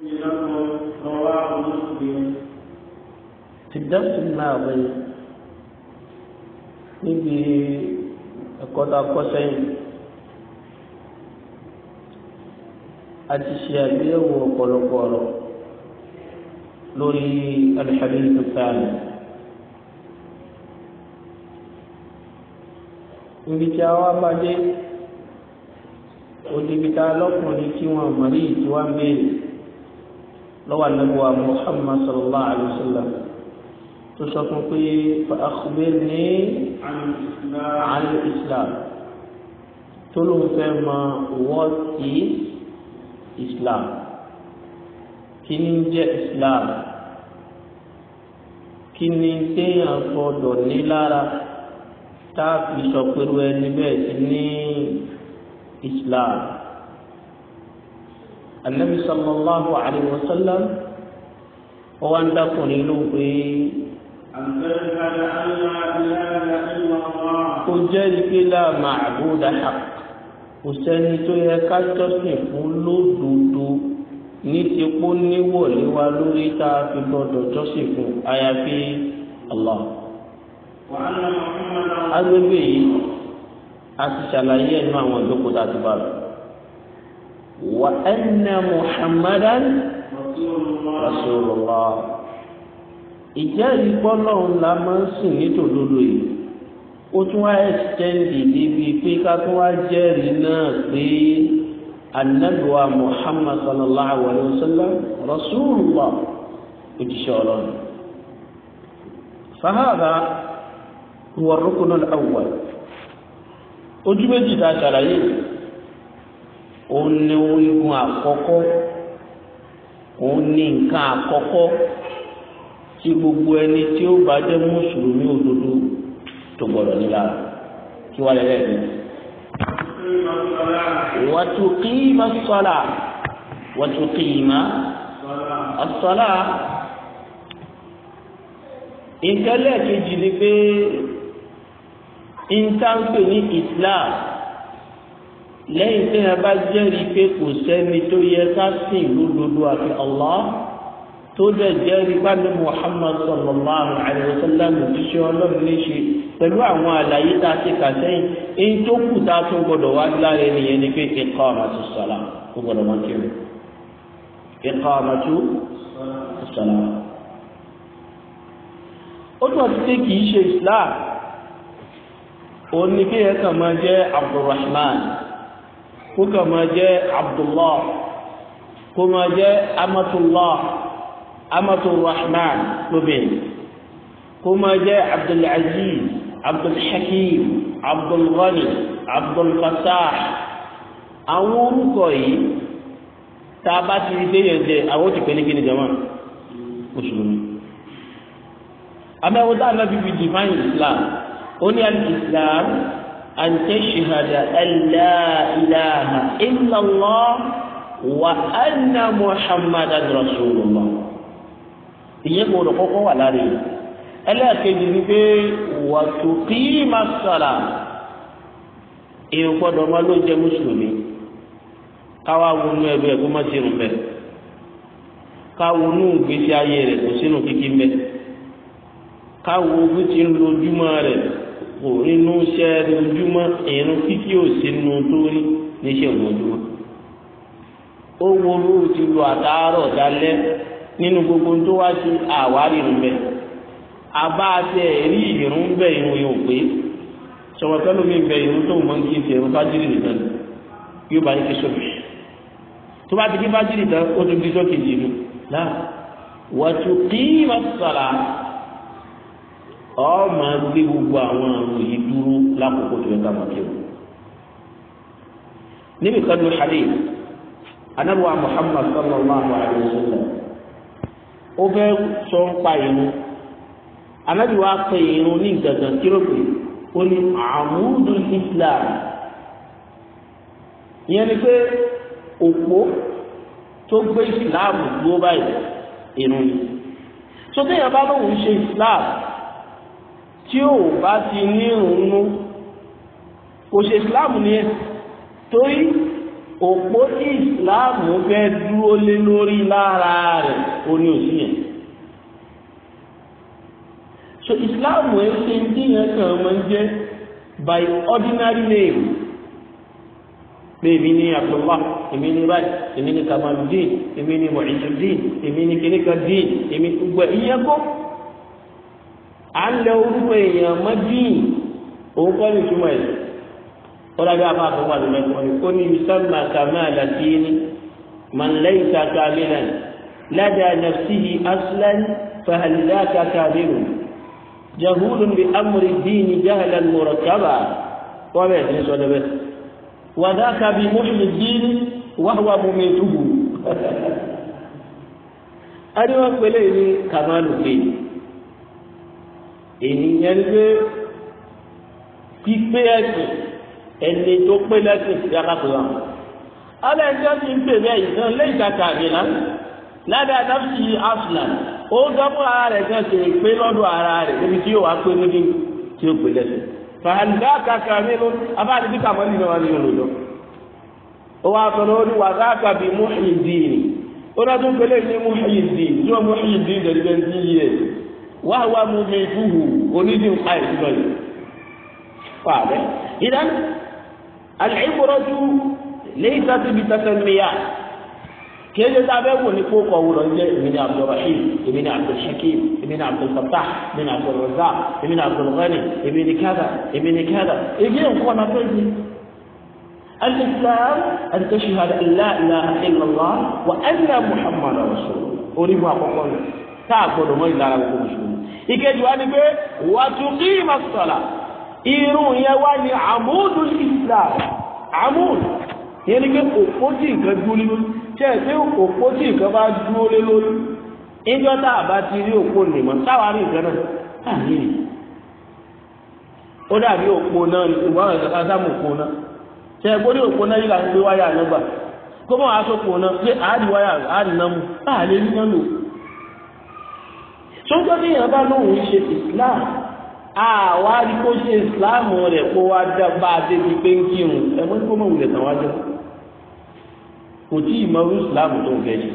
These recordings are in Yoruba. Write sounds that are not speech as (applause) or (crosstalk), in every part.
في الدرس الماضي níbi ẹ̀kọ́ tá a kọ́ sẹ́yìn a ti ṣe àgbéyẹ̀wò ọ̀pọ̀lọpọ̀ ọ̀rọ̀ lórí alḥadith sáàlì níbi tí a wá bá dé òdìbìtà lọ́kùnrin tí wọ́n mọ̀ ní ìtura mẹ́rin lọ́wọ́ anábíwá muhammad sallallahu alayhi wa sallam tó sọ fún pé fa akhbirni an islam tó ló ń fẹ́ mọ what is islam kí ni jẹ́ islam kí ni téèyàn gbọdọ̀ ní lára tá sọ pé ẹni bẹ́ẹ̀ ti ní islam anabi sallallahu alayhi wa sallam ó wá ń dákùnrin ló ń pè é. kò jẹ́rìí pé la ma'buda haqq kò sẹ́ni tó yẹ ká jọ́sìn fún lódodo ní ti kó níwọ̀lé wa lórí tá a fi gbọ́dọ̀ jọ́sìn fún àyàfi Allah. agbègbè yìí a ti ṣàlàyé ẹnu àwọn ìjókòó tá a ti bá lọ. وأن Muhammadan? رسول الله ìjẹ́rìí pọ́lọ́run la máa ń sìn nítòdodo yìí ó tún wá ẹ́sìtẹ́ǹdì débi pé ká tún wá jẹ́rìí náà pé muhammad sallallahu alayhi wa sallam rasulullah òjíṣẹ́ ọlọ́run fahada huwa rukun ojú méjì tá a ṣàlàyé òun ní orígun àkọ́kọ́ òun ní nǹkan àkọ́kọ́ tí gbogbo ẹni tí ó bá jẹ́ mùsùlùmí òdodo tó gbọdọ̀ nílá kí wàá lẹ́lẹ́ mi. wàtú kí má sọ́la wàtú kí má sọ́la nǹkan lẹ́ẹ̀kejì ni pé nǹkan pè ní Islam lẹ́yìn tí wọ́n bá jẹ́rìí pé kò sẹ́ni tó yẹ ká sìn lódodo àfi Allah tó dẹ̀ jẹ́rìí pàdé Muhammad sallallahu alayhi wa sallam òjíṣẹ́ ọlọ́run léṣe pẹ̀lú àwọn àlàyé tá a ti kà sẹ́yìn èyí tó kù tá a tún gbọ́dọ̀ wá lára ẹnìyẹn ni pé iqamatu salat kó gbọ́dọ̀ wọ́n kiri iqamatu salat. ó tún àti pé kì í ṣe Islam òun ni kí ẹ máa jẹ́ Abdulrahman kó kàn máa jẹ́ abdullah kó máa jẹ́ amatullah amaturrahman lóbìnrin kó máa jẹ́ abdulaziz abdulhakim abdulghani abdulfatah àwọn orúkọ yìí tá a bá ti rí déyàn jẹ àwọn ó ti pè ní kíni jama mùsùlùmí abẹ́wò tá a lọ bíbi divine islam ó ní al-islam. أن تشهد أن لا إله إلا الله وأن محمدا رسول الله ìyẹn gbọ́dọ̀ kọ́kọ́ wà lára yìí ẹlẹ́ẹ̀kejì ni pé wàtúkì masala èèyàn gbọ́dọ̀ máa ló jẹ́ mùsùlùmí káwá wọnú ẹbí ẹ̀ kó má sí irun bẹ́ẹ̀ káwọnú ìgbésí ayé rẹ̀ kó sínú kíkí bẹ́ẹ̀ káwọ ojú ti ń lojúmọ́ rẹ̀ kò inú iṣẹ́ ojúmọ́ ìrún kíkí ò sínú tó rí níṣẹ́ ojúmọ́ ó worú ti lu àtàárọ̀ dalẹ́ nínú gbogbo tó wá sí àwárí ìrún bẹ́ẹ̀ àbá tẹ rí ìrún bẹ́ẹ̀ ìrún yóò pé sọ̀rọ̀tọ́ lómi bẹ́ẹ̀ ìrún tó mọ́ kí n ti ìrún fájírì nìkan yóò bá yẹ kí sọ̀rọ̀ tó bá ti kí fájírì tán ó tún di sọ́kèjì nù náà wàtúkì máa ọ máa gbé gbogbo àwọn àrùn yìí dúró lákòókò tó yẹ ká máa kéwòn. níbi kan ní hadith anabuwa muhammad sallallahu alayhi wa sallam ó fẹ́ sọ ń pa irun anabiwa pe irun ní gàgàn kíròpè ó ní àmúdù islam ìyẹn ni pé òpó tó gbé islam dúró báyìí irun ni. sọ téèyàn bá lóun ṣe islam tí ò bá ti ní ìrùnnú kò ṣe islam ni ẹ torí òpó tí islam fẹ́ dúró lé lórí lára rẹ̀ ó ní òsì yẹn so islam ẹ ṣe ń díyàn kan máa ń jẹ by ordinary name pé èmi ní abdullah èmi ní rai èmi ní kamaludin èmi ní muhyiddin èmi ní kíníkà dín èmi gbogbo ìyẹn kó à ń lẹ orúkọ èèyàn mọ́dín òun kọ́ ní ìtumọ̀ ẹ̀ kọ́lájú àbá àtọ́wọ́ àdúmẹ́kọ́ ni kó ní yusamma kàmá àdàtìyẹni man laysa kamilan lada nafsihi aslan fahallaka kabirun jahulun bi amri dini jahalan murakkaba wọ́n bẹ̀rẹ̀ sí ní sọ́dọ̀ bẹ́ẹ̀ wàdáka bi mọ́ṣúlù dini wàhùwà mọ́mẹ́tùbù ẹni wọ́n pẹ̀lẹ́ ní kàmá lùfẹ́ ènìyàn lé pípé ẹ̀sìn ẹni tó pé lẹ́sìn sí akápẹ́wà alẹ́jọ́ ti ń pè bẹ́ẹ̀ ìtàn lẹ́yìn kàkà àbílá lábẹ́ àtàkì asùnà ó dọ́kọ̀ ara rẹ̀ kan ṣe pé lọ́dọ̀ ara rẹ̀ níbi tí yóò wá pé níbi tí fàlùdá kàkà bí nínú wa nínú lọ́dọ̀ ó wá sọ lọ́wọ́ ní wàhálà kàbí muhyiddin ó tí wá wá mú mi fúhù onídìí nǹkan ẹ̀ lọ yìí fà bẹ́. ìdá àlẹ́kùrọ́jú lẹ́yìn sáà ti bi tẹ́tẹ́ mi yá kéde tá a bẹ wò ní kó kọ wúlọ ní èmi ní abdulrahim èmi abdulshakim èmi abdulfatah èmi ní abdulrazak abdulghani èmi kada èmi kada èmi nǹkan náà tó yìí. الإسلام أن تشهد أن لا إله إلا الله وأن محمدا رسول الله أريد أن أقول تعبد ما إلا ربكم ìkejì wa ni pé wàtúkì ìmọ̀sọ̀là irun yẹn wá ní islam yẹn ni pé òpó tí nǹkan dúró lé lórí tí ẹ pé òpó tí nǹkan bá dúró lé a bá ti rí òpó nìmọ̀ táwa rí nǹkan náà láàyè rè ó dàbí òpó náà ní ìwà ọ̀rẹ́ kan òpó náà tí ẹ gbórí òpó náà yìí là ń gbé wáyà náà sójọ́ ní ìyàn bá lóun ṣe islam àwa rí kó ṣe islam rẹ̀ kó wá dá bá a débi pé ń kírun ẹ̀wọ́n kó mọ̀ wulẹ̀ tán wá kò tí ì mọ islam tó ń fẹ́ yìí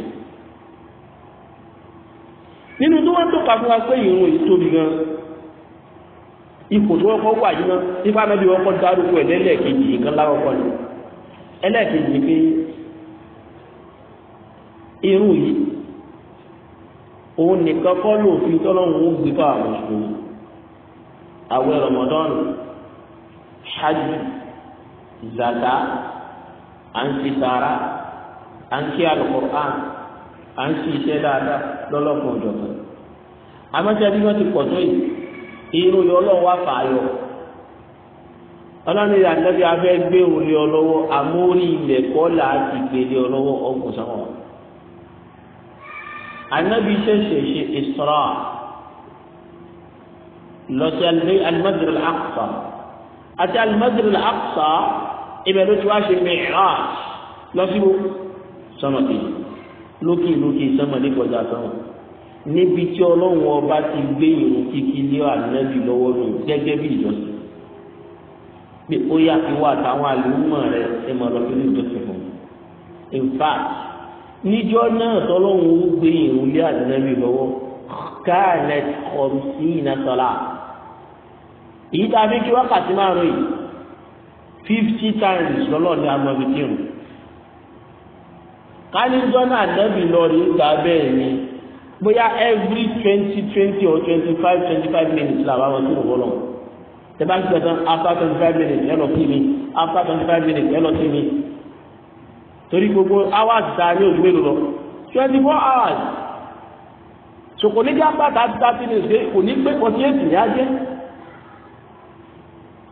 nínú tó wọ́n tó kà fún wa pé ìrun yìí tóbi gan ipò tó wọ́n kọ́ wà yìí náà nípa náà wọ́n kọ́ dárúkọ ẹ̀ nǹkan láwọ́kọ́ ni ẹlẹ́kejì ni pé ìrun yìí òun nìkan kọ́ lòfin tọ́lọ́run ó gbé fáwọn mùsùlùmí àwẹ̀ Ramadan hajj zaka àǹtí sàrà àǹtí alukur'an àǹtí iṣẹ́ dáadáa lọ́lọ́kùn òjọ̀kan àmọ́tí ẹbí wọn ti pọ̀ tó yìí irú yọ ọlọ́wọ́ àfààyọ ọlọ́run ìlànà bí a gbé òun lé ọ lọ́wọ́ àmórí ilẹ̀ kọ́ là á ti gbé lé ọ lọ́wọ́ ọkùnrin sáwọn anabi ṣẹ̀ṣẹ̀ ṣe Isra lọ sí al-Masjid al-Aqsa àti al-Masjid al-Aqsa ibẹ̀ ló ti wá ṣe Mi'raj lọ sí wo sọmọ kejì lókè lókè sọmọ ní kọjá sọmọ níbi tí ọlọ́run ọba ti gbé ìrun kíkí lé ànábì lọ́wọ́ nù gẹ́gẹ́ bí ìjọsìn pé ó yá fi wá àtàwọn àlùmọ̀ rẹ̀ ẹ mọ̀ lọ́kùnrin ìjọsìn fún un in fact níjọ́ náà tọ́lọ́hún ó gbé ìrún lé àdínábì lọ́wọ́ káàlẹ́t ọ̀mùsí ìnàtọ́lá èyí tá a fi kí wákàtí márùn yìí fifty times lọ́lọ́ ní amọ̀bìtìrù káníjọ́ náà àdínábì lọ́ọ̀rì gbà bẹ́ẹ̀ ni bóyá every twenty twenty or twenty five twenty five minutes làwọn tó wọ́ lọ́wọ́ tẹ́ bá ń gbẹ̀tàn after twenty five minutes yẹn lọ sí mi after twenty five minutes yẹn lọ sí mi torí gbogbo hours ta ní ojú mélòó lọ twenty four hours sòkò ní jábà tá thirty minutes dé kò ní pé forty eight ní ajé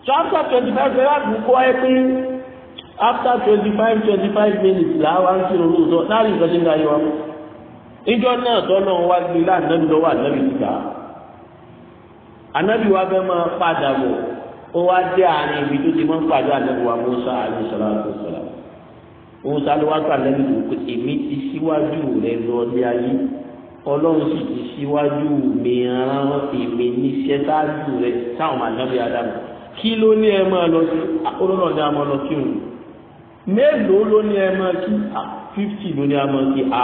so after twenty five minutes láti kó ẹ pé after twenty five twenty five minutes là wá ń kí lóru sọ láàrin nǹkan ṣe ń ga yọ níjọ náà tọ́lọ́ wá gbé láàánú lọ́wọ́ ànábì síta ànábì wa fẹ́ máa padà bọ̀ ó wá dé àárín ibi tó ti máa ń pàdé ànábì wa mọ́sá àlùsọ̀rọ̀ àlùsọ̀rọ̀ òun sálúwátà lẹ́nu ìlú èmi ti síwájú rẹ lọ ní ayé ọlọ́run sì ti síwájú mi rán èmi níṣẹ́ sáájú rẹ sáwọn màdàbí adamu kí ló ní ẹ máa lọ sí olóńgbò ní a máa lọ sí òun mélòó ló ní ẹ máa kí fífítì ló ní a máa kí a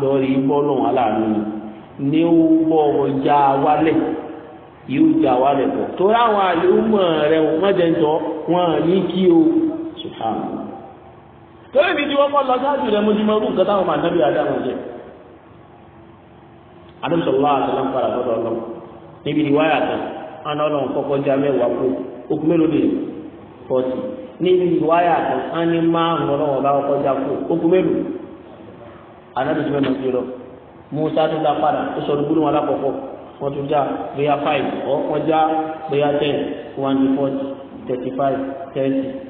lọ rí bọ́ọ̀lù aláàánú ní ó bọ́ ọjà wálẹ̀ yóò jà wálẹ̀ bọ̀ tó ráwọn àlè ó mọ̀ rẹ̀ wọ́n jẹ́ ń tọ́ wọn ní kí o sùhánù torí mi ti wọ́n kọ́ lọ sáájú rẹ̀ mo ti mọ irú nǹkan táwọn máa nábì adáhùn jẹ adébísọ̀lá àtàlà ń padà lọ́dọ̀ ọlọ́run níbi ìwà yàtọ̀ àná ọlọ́run kọ́kọ́ já mẹ́wàá kú okùn mélòó ni fọ́ọ̀tì níbi ìwà yàtọ̀ á ní márùn-ún ọlọ́run ọba kọ́kọ́ já kú okùn mélòó anábìsọ̀ mẹ́mọ́ sí lọ musa tó dá padà ó sọ dúgbò wọn lápapọ̀ five ọ̀ wọ́n já ten one forty thirty five thirty.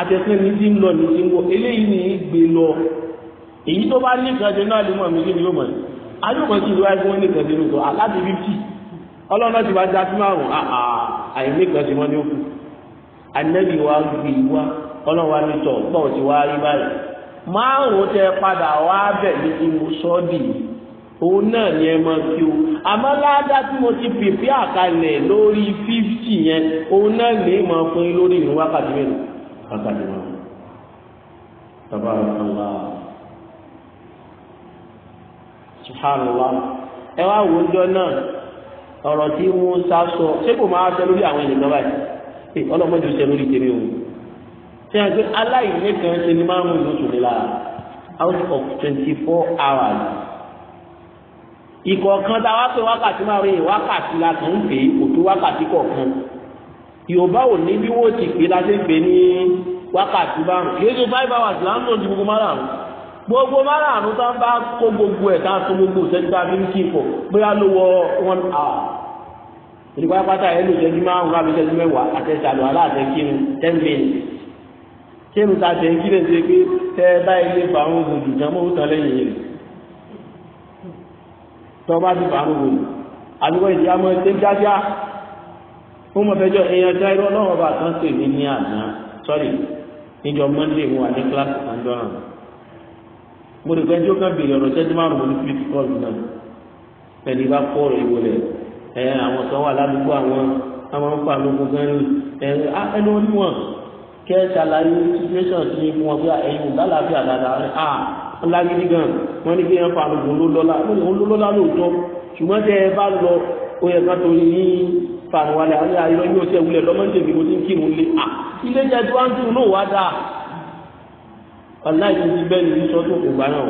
àtẹ̀sẹ́ ní ti ń lọ ní ti ń wọ eléyìí ní gbé lọ èyí tó bá ní ìkànṣe náà ló mọ̀ mí kí ni yóò mọ̀ ní adúgbò tí ìwà ẹgbẹ́ ní ìkànṣe ló sọ aláti fífì ọlọ́run ti wá dá sí márùn ah, ah, àìní ìkànṣe wọn ní òkú anẹ́bí wa gbé e wá ọlọ́run wa ní tọ̀ gbọ́ ti wá rí báyìí márùn tẹ padà wá bẹ̀ ní ti mo sọ́ òun náà ni ẹ máa fi o àmọ́ ládá tí mo ti pèpè àkàlẹ̀ lórí fífì yẹn òun náà lè máa fún yín lórí ìrún wákàtí mélòó pàtàkì wọn tàbá ọ̀la ṣùhánùwá ẹ wá wò ó jọ náà ọ̀rọ̀ tí Musa sọ ṣé kò máa ṣe lórí àwọn ènìyàn báyìí ọlọ́mọdé ṣe lórí tèmi o ṣé àti aláìní kan ṣe ni márùn-ún ìlú out of twenty four hours ìkọ̀ọ̀kan tá a wá pé wákàtí márùn-ún wákàtí la kàn ń pè é kò tó wákàtí kọ̀ọ̀kan yorùbá ò ní bí wọ́n ti pè láti pè ní wákàtí márùn kì í ṣe five hours láńdò ní gbogbo márùn gbogbo márùn tó ń bá kó gbogbo ẹ̀ káàtó gbogbo ìṣẹ́jú bá fi ń kí ipò bóyá ló wọ one hour ìdìbò apáta ẹ̀ lò ìṣẹ́jú márùn àbí ìṣẹ́jú mẹ́wàá àtẹ̀sàlọ̀ aláàtẹ̀kínu ten minutes kí ẹnu ta ṣe ń kí lẹ́sẹ̀ pé tẹ́ ẹ bá ilé fa àwọn oògùn jùjọ mọ́ òótọ́ lẹ́yìn rẹ̀ tọ́ bá ti fa àwọn oògùn àdúgbò ìdí ó mọ̀ fẹ́jọ́ èèyàn já irọ́ náà ọba kan pè mí ní àná sọ́rí níjọ monday mo wà ní kíláàsì sanjọ́ náà mo rò pé ẹjọ́ kan bèrè ọ̀rọ̀ ṣẹ́jú márùn-ún ní fífi kọ́ọ̀lù náà pẹ̀lú bá kọ́ ọ̀rọ̀ ìwò rẹ̀ ẹ̀ àwọn kan wà ládùúgbò àwọn àwọn ń pa lóko gan ni ẹ̀ ẹnu oníwọ̀n kẹ́ ẹ ṣàlàyé situation sí i fún wọn pé ẹ̀yin ò bá dáadáa rẹ̀ à ńlágídí gan wọn ní kí ẹ pa lóko olólọ́lá olólọ́lá lóòótọ́ ṣùgbọ́n tẹ́ ẹ bá lọ ó yẹ ká torí yín fàánù wálé àwọn ayọ yóò ṣe wulẹ̀ lọ́mọdé mi mo ti ń kí mo lé à ah, ilé jẹ tó ń dùn náà wá dáa ọláyé ti bẹ́ẹ̀ ni sọ tó kò gbá náà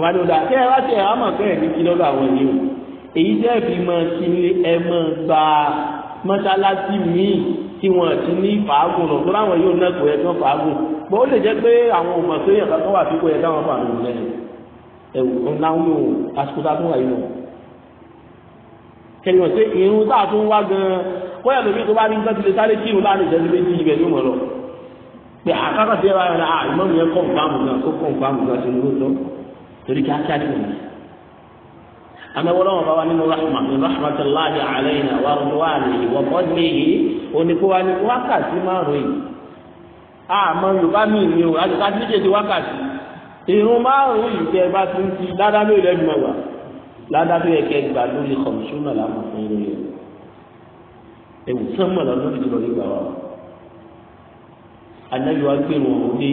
wọn ni ó dà kẹ́ ẹ wá tẹ̀ ẹ àmọ̀ kẹ́ ẹ̀ ní kí lọ́dọ̀ àwọn ènìyàn èyí tẹ́ ẹ̀ fi máa ti lé ẹ máa gba mọ́sálásí míì tí wọ́n ti ní fàágùn lọ tó láwọn yóò nẹ́kọ̀ ẹ̀ tán fàágùn bó lè jẹ́ pé àwọn ọmọ tó yàn kankan wà fíkọ kẹyìn ọ̀sẹ̀ irun tá a tún wá gan-an kọ́yà lómi tó bá ní nǹkan ti lè sáré kírun láàrin ìṣẹ́jú méjì ibẹ̀ ló mọ̀ lọ. pé àkàkà tí ẹ bá yọ náà ìmọ̀ mi yẹn kọ̀ nǹkanmù gan kó kọ̀ nǹkanmù gan sí ló lọ torí kíákíá ti wọ̀nyí. amẹ́wọ́lọ́ wọn bá wá nínú rahma ní rahmatullahi alayna wa rahmatullahi wa fadlihi oníkówá ní wákàtí márùn-ún yìí. àmọ́ yorùbá mi ni o àti ká ládàbí yẹ kẹ gba lórí kọmíṣánná làwọn fún yín lóye ewu sọmọ lọdún tó lórí gbà wá anabi wa gbé wọn wọn dé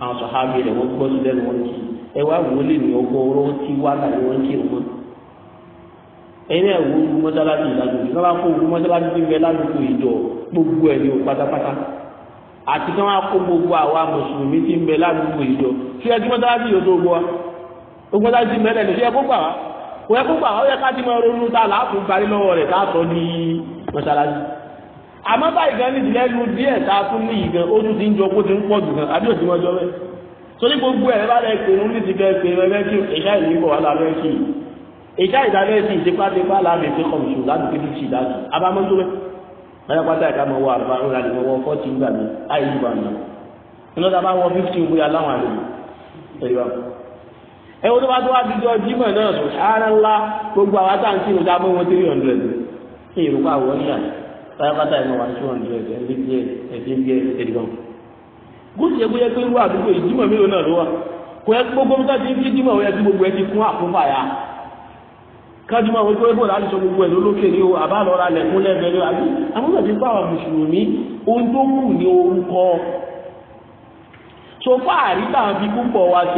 àwọn sọhábì rẹ wọn gbọ́ sí lẹ́nu wọn kí ẹ wá wọlé ní ọgbọ ọ̀rọ̀ tí wà láyé wọn kí wọn ẹni ẹ wo mọ́sálásí ìdájọ́ ìjọba bá kó mọ́sálásí ti ń bẹ ládùúgbò ìjọ gbogbo ẹ ní o pátápátá àti kí wọn kó gbogbo àwa mùsùlùmí ti ń bẹ ládùúgbò ìjọ tí ẹ yóò tó gbọ́ wa gbogbo ti ń bẹ lẹ́nu tí kó gbà wá kò yẹ kó gbà ó yẹ ká ti máa ronú ta láàfin parí lọ́wọ́ rẹ̀ káàtọ́ ní mọ́ṣáláṣí àmọ́ báyìí gan ní ìdílé nu tá a tún ní yìí gan ó tún ti ń jọ kó ti ń pọ̀ jù gan àbí òsì wọn jọ bẹ́ẹ̀ torí gbogbo ẹ̀ bá lẹ pè ń ní ti fẹ́ pè ẹ fẹ́ kí ìṣá ìlú bọ̀ wá lábẹ́ kí ìṣá ìdábẹ́ sí ìṣepátepá láàbẹ̀ pé kọ̀mùsù láti fi ti ṣì dájú abámọ́jú bẹ́ẹ̀ báyọ̀ pátá ìka mọ̀ wọ àrùbá ńlá ni wọ́n fọ́ọ̀tì ń gbà mí àyè ìgbà mi iná tá a bá wọ fífítì ń láwọn àlejò ẹ wọ́n tó bá tó wá dídọ́ jímọ̀ náà sùn ara ńlá gbogbo àwọn àtàǹtì ìròdà mọ́ wọn three hundred kí ìrùkọ àwọn ọ̀nà táyọ̀pátá ìmọ̀ wá two hundred ẹ̀ndí díẹ̀ ẹ̀dí díẹ̀ ẹ̀dí gan. gúúsù yẹ kó yẹ pé wà àdúgbò ìjímọ̀ mélòó náà ló wà kò yẹ gbogbo mọ́tà tí ń fi jímọ̀ wọ́n yẹ kí gbogbo ẹ ti kún àkúfà yá. kájúmọ̀ wọn gbé bọ́ọ̀lù àdìsọ gbogbo ẹ̀ lólókè ni o àbá lọ́ra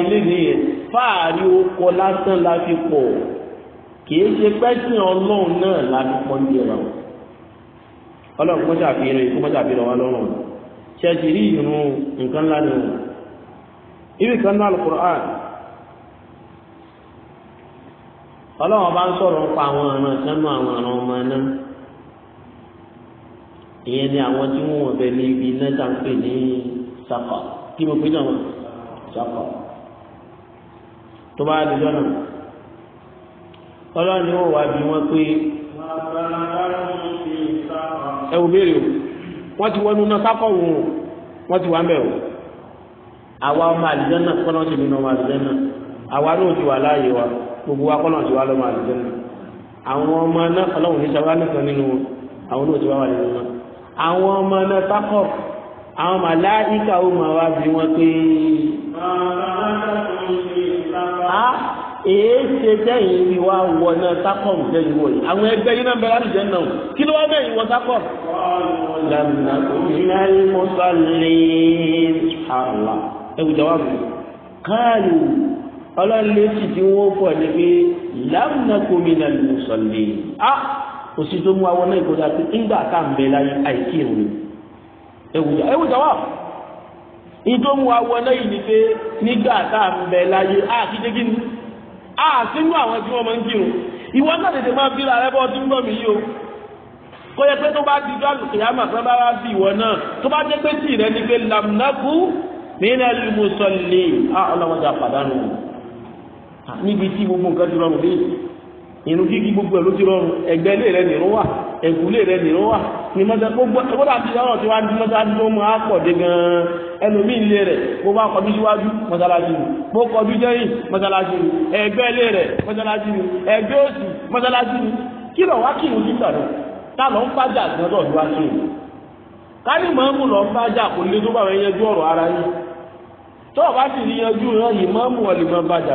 àwọn ọ̀dọ́ fáàrí okọ lásán la fi pọ̀ kìí ṣe pẹ́sìn ọlọ́run náà la fi pọ̀ ní ẹ̀rọ ọlọ́run kọ́ ṣàfihàn ikú kọ́ ṣàfihàn wa lọ́rùn ṣẹ́ẹ̀tì rí ìrun nǹkan ńlá ni wọn ibi kan náà alukur'an ọlọ́run bá ń sọ̀rọ̀ nípa àwọn àrùn àtẹnu àwọn àrùn ọmọ náà ìyẹn ni àwọn tí wọ́n wọ̀ bẹ́ẹ̀ ní ibi náà tá ń pè ní sàkọ̀ kí mo pè náà sàkọ̀ tó bá lè lọ́nà ọlọ́run ni wọ́n wà bí wọ́n pé ẹ̀wù béèrè o wọ́n ti wọnú náà sákọ̀ wò ó wọ́n ti wà ń bẹ̀ o àwa ọmọ àlùjọ náà kọ́nà ti nínú ọmọ àlùjọ náà àwa náà ti wà láàyè wa gbogbo wa kọ́nà ti wà lọ́mọ àlùjọ náà àwọn ọmọ náà ọlọ́run ní sábà nìkan nínú wọn àwọn náà ti wà wà nínú náà àwọn ọmọ náà sákọ̀ àwọn màláìka ó máa wá bí wọ́n pé a èé ṣe tẹ́yìn rí wa wọ náà sákọ̀mù tẹ́yìn wọ̀ yìí àwọn ẹgbẹ́ yìí náà bẹ̀rẹ̀ àdìjẹ́ náà kí ló wá bẹ̀yìn wọ sákọ̀mù. lànà ìnáyí mọ́sálẹ̀ àlà ẹ̀wù jọ̀wọ́ káàlù ọlọ́lẹ́sì tí wọ́n pọ̀ ní pé lànà kòmìnà mọ́sálẹ̀ a òsì tó mú àwọn náà ìkọjá pé ńgbà tá à ń bẹ láyé àìkírun ẹ̀wù jọ̀wọ́ ìjọ mu awọ lẹ́yìn ni pé nígbà tá à ń bẹ láyé àkíjé kí ni a sínú àwọn tí wọ́n máa ń kírun ìwọ náà tètè máa bí ara rẹ bọ́ tí ń gbọ́ mi yìí o kó yẹ pé tó bá di dúró kìyàmà tó bá wá bí ìwọ náà tó bá jẹ́ pé tì rẹ ni pé lamnaku nínú ẹlùmùsọ̀lẹ̀ a ọlọ́mọdé àpàdánù níbi tí gbogbo nǹkan ti rọrùn dé ìrun kíkí gbogbo ẹ̀ ló ti rọrùn ẹ̀gbẹ́ ilé rẹ nìrún wà ẹ̀gúlé rẹ̀ nìyẹn wà ní mọ́tà gbogbo ẹgbọ́dà àti ọ̀rọ̀ tí wọ́n di mọ́tà àti mọ́ á pọ̀ dé gan-an ẹlòmíì ilé rẹ̀ bó bá kọjú síwájú mọ́sálásí ni bó kọjú jẹ́yìn mọ́sálásí ni ẹ̀gbẹ́ ilé rẹ̀ mọ́sálásí ni ẹ̀gbẹ́ òsì mọ́sálásí ni kí lọ wá kí ìwé títà rẹ̀ tá lọ ń bájà gbọ́dọ̀ ló wá sí i ká ní mọ́mù lọ ń bájà kò lè tó bá wọn yanjú ọ̀rọ̀ ara yìí tó o bá sì rí yanjú náà yìí mọ́mù ọ̀lẹ́mọ́ bájà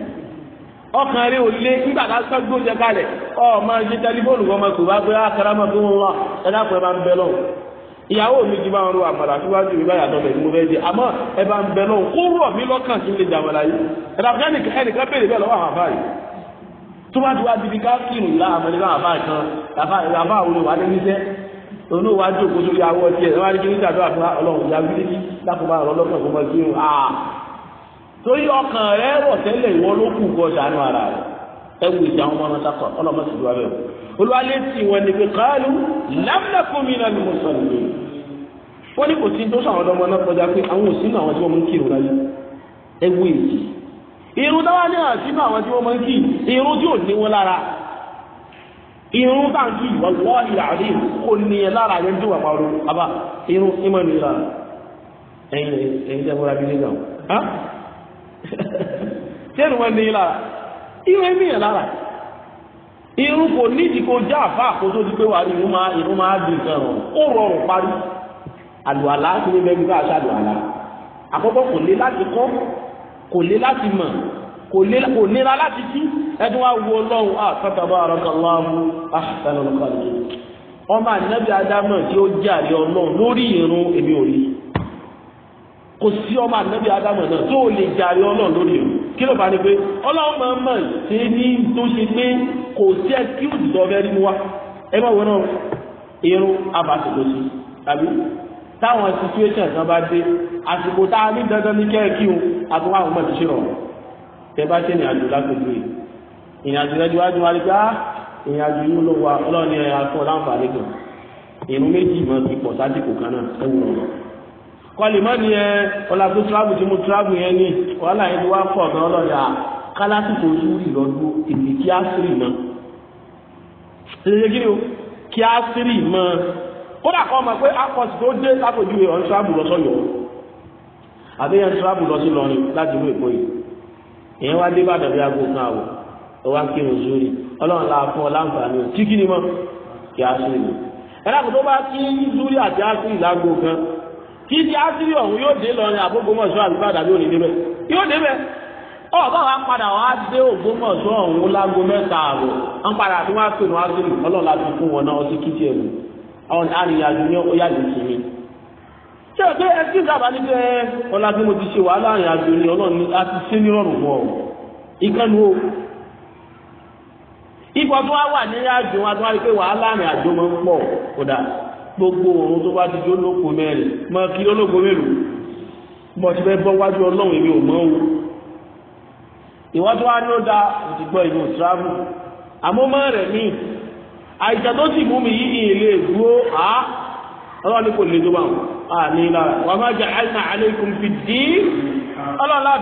ọkàn rẹ ò lé nígbà tá a sọ gbóúnjẹ kalẹ̀ ọ máa ṣe tẹlifóònù kan máa kò bá pé akarama ah, tó ń wá ẹ̀dá pé ẹ bá ń bẹ lọ́wọ́ ìyàwó mi ti máa ń ro àmàlà síwájú mi báyà tọ́lẹ̀ ní mo fẹ́ di àmọ́ ẹ bá ń bẹ lọ́wọ́ kó rọ̀ mí lọ́kàn kí n lè jàmàlà yìí ẹ̀dá fún ẹnìkan béèrè bẹ́ẹ̀ lọ́wọ́ àwọn àfáà yìí tó bá ti wá di ká kí n lá àmàlà àfáà kan àfáà wo ni wàá ní níṣẹ́ olú wa jókòó sórí awọ tiẹ̀ ẹ wá ní kí n ṣàdúrà fún ọlọ́run ìyá wílé lápò máa rọ lọ́kàn fún ọmọ ah! torí ọkàn rẹ rọ̀ tẹ́lẹ̀ ìwọ ló kù kọ́ dànù ara rẹ ẹ wù ìjà wọn mọ́nà sátọ̀ ọlọ́mọ sì wá bẹ̀rù olùwàlẹ̀ tì wọ́n níbi káàlù lámìnàkùnmínà ni mo sọ nìyẹn wọ́n ní kò sí tó sàwọn ọmọ náà kọjá pé àwọn òsínú àwọn tí wọ́n mú kí ìrora yìí ẹ wù èyí irun tó wá ní àṣínú àwọn tí wọ́n mú kí irun tí ò ní wọn lára irun bá ń kí wọ́n ìlàrí kò ní ẹ lára yẹn tó wà pàrọ̀ àbá irun ìmọ̀ nìyẹn lára ẹ̀yin ẹ̀yin (laughs) ṣé ìrùn wọn ní yín lára irun ẹ̀mí yẹn lára irun kò nídìí kó já àfa àkóso ti pé wà ní irun máa irun máa di nǹkan rọrùn ó rọrùn parí àlùhàlà ti ní bẹ́ẹ̀ gbígbà àṣà àlùhàlà àkọ́kọ́ kò lé láti kọ́ kò lé láti mọ̀ kò nira láti tí ẹni wá wo ọlọ́run à kọ́tàbọ̀ àrọ́kọ̀láàmù àṣàtàlọ́lọ́kọ̀lẹ́ ọmọ ànábì adámọ̀ tí ó jàre ọlọ́run lórí ìrun èmi ò rí i kò sí ọmọ ànábì ádámù náà tó lè jàre ọlọ́run lórí o kí ló bá ní pé ọlọ́run máa ń mọ̀ ṣe ní tó ṣe pé kò sí ẹkíùsì tó fẹ́ wa ẹ má wọ irun abàtìkò sí tàbí táwọn situation kan bá dé àsìkò tá a ní dandan ní kẹ́ẹ̀kí o àtúwọ́ àwọn ọmọ ti ṣe rọ̀ tẹ bá ṣe ní àjò lágbègbè yìí ìrìnàjò rẹ jùlọ jùlọ àríkà ìrìnàjò yìí ló wà ọlọ́run ní ẹ̀yà fún láǹfààní kan ìrún méjì mọ́ ti pọ̀ sásìkò kan náà ẹ̀wù rọ̀ kọlìmọ́ ni ẹ ọ̀là tó tíráàbù tí mo tíráàbù yẹn ni wàhálà yẹn ti wá pọ̀ gan ọlọ́dà kálásìkò sùúrì lọ́dún èmi kí á sírì mọ́ ṣèṣe kí ni o kí á sírì mọ́ kódà kọ́ ọmọ pé akọ́sì tó dé lápòjúwe ọ̀n tíráàbù lọ sọ́yọ̀ àbẹ́yẹn tíráàbù lọ sí lọrin láti inú èkó yìí èèyàn wá dé bàdàn bí aago kan àwọ̀ ó wá kí irun sórí ọlọ́run la fún ni mọ́ kí á sírì mọ́ ẹ̀rọ àkùtọ́ bá kí zúrí kan kì í ṣe ásírí ọ̀hún yóò dé lọ ní àbógbómọ̀ṣọ́ àlùbádà lónìí débẹ̀ yóò débẹ̀ ọba wa padà wá dé Ògbómọ̀ṣọ́ ọ̀hún lágbo mẹ́ta ààbọ̀ wọn padà tí wọn á pè wọn á pè wọn ọlọ́ọ̀la ti fún wọn náà ọtí kìtì ẹ̀rù àwọn arìnrìnàjò ní ó yàgò sí mi. ṣé o pé ẹ ti dábàá ní pé ọlá tí mo ti ṣe wàhálà arìnrìnàjò ni ọlọ́run ni a ti ṣe ní rọrùn fún ọ ìkànnì o. ipò tó wá wà ní ìrìnàjò wọn tó wá rí pé wàhálà arìnrìnàjò máa ń pọ̀ kódà gbogbo òun tó bá ti jó lóko mẹ́rin mọ kí lólógo mélòó bọ́ ti fẹ́ bọ́ wájú ọlọ́run èmi ò o ìwọ́n tó wá ó da òtìgbọ́ ìlú tíráfù àmọ́mọ́ rẹ mí àìsàn tó sì mú mi yí ilé ìdúró á ọlọ́run ní kò lè tó bá wọn ní lára wà má jẹ àìsàn àlékún fi dí ọlọ́run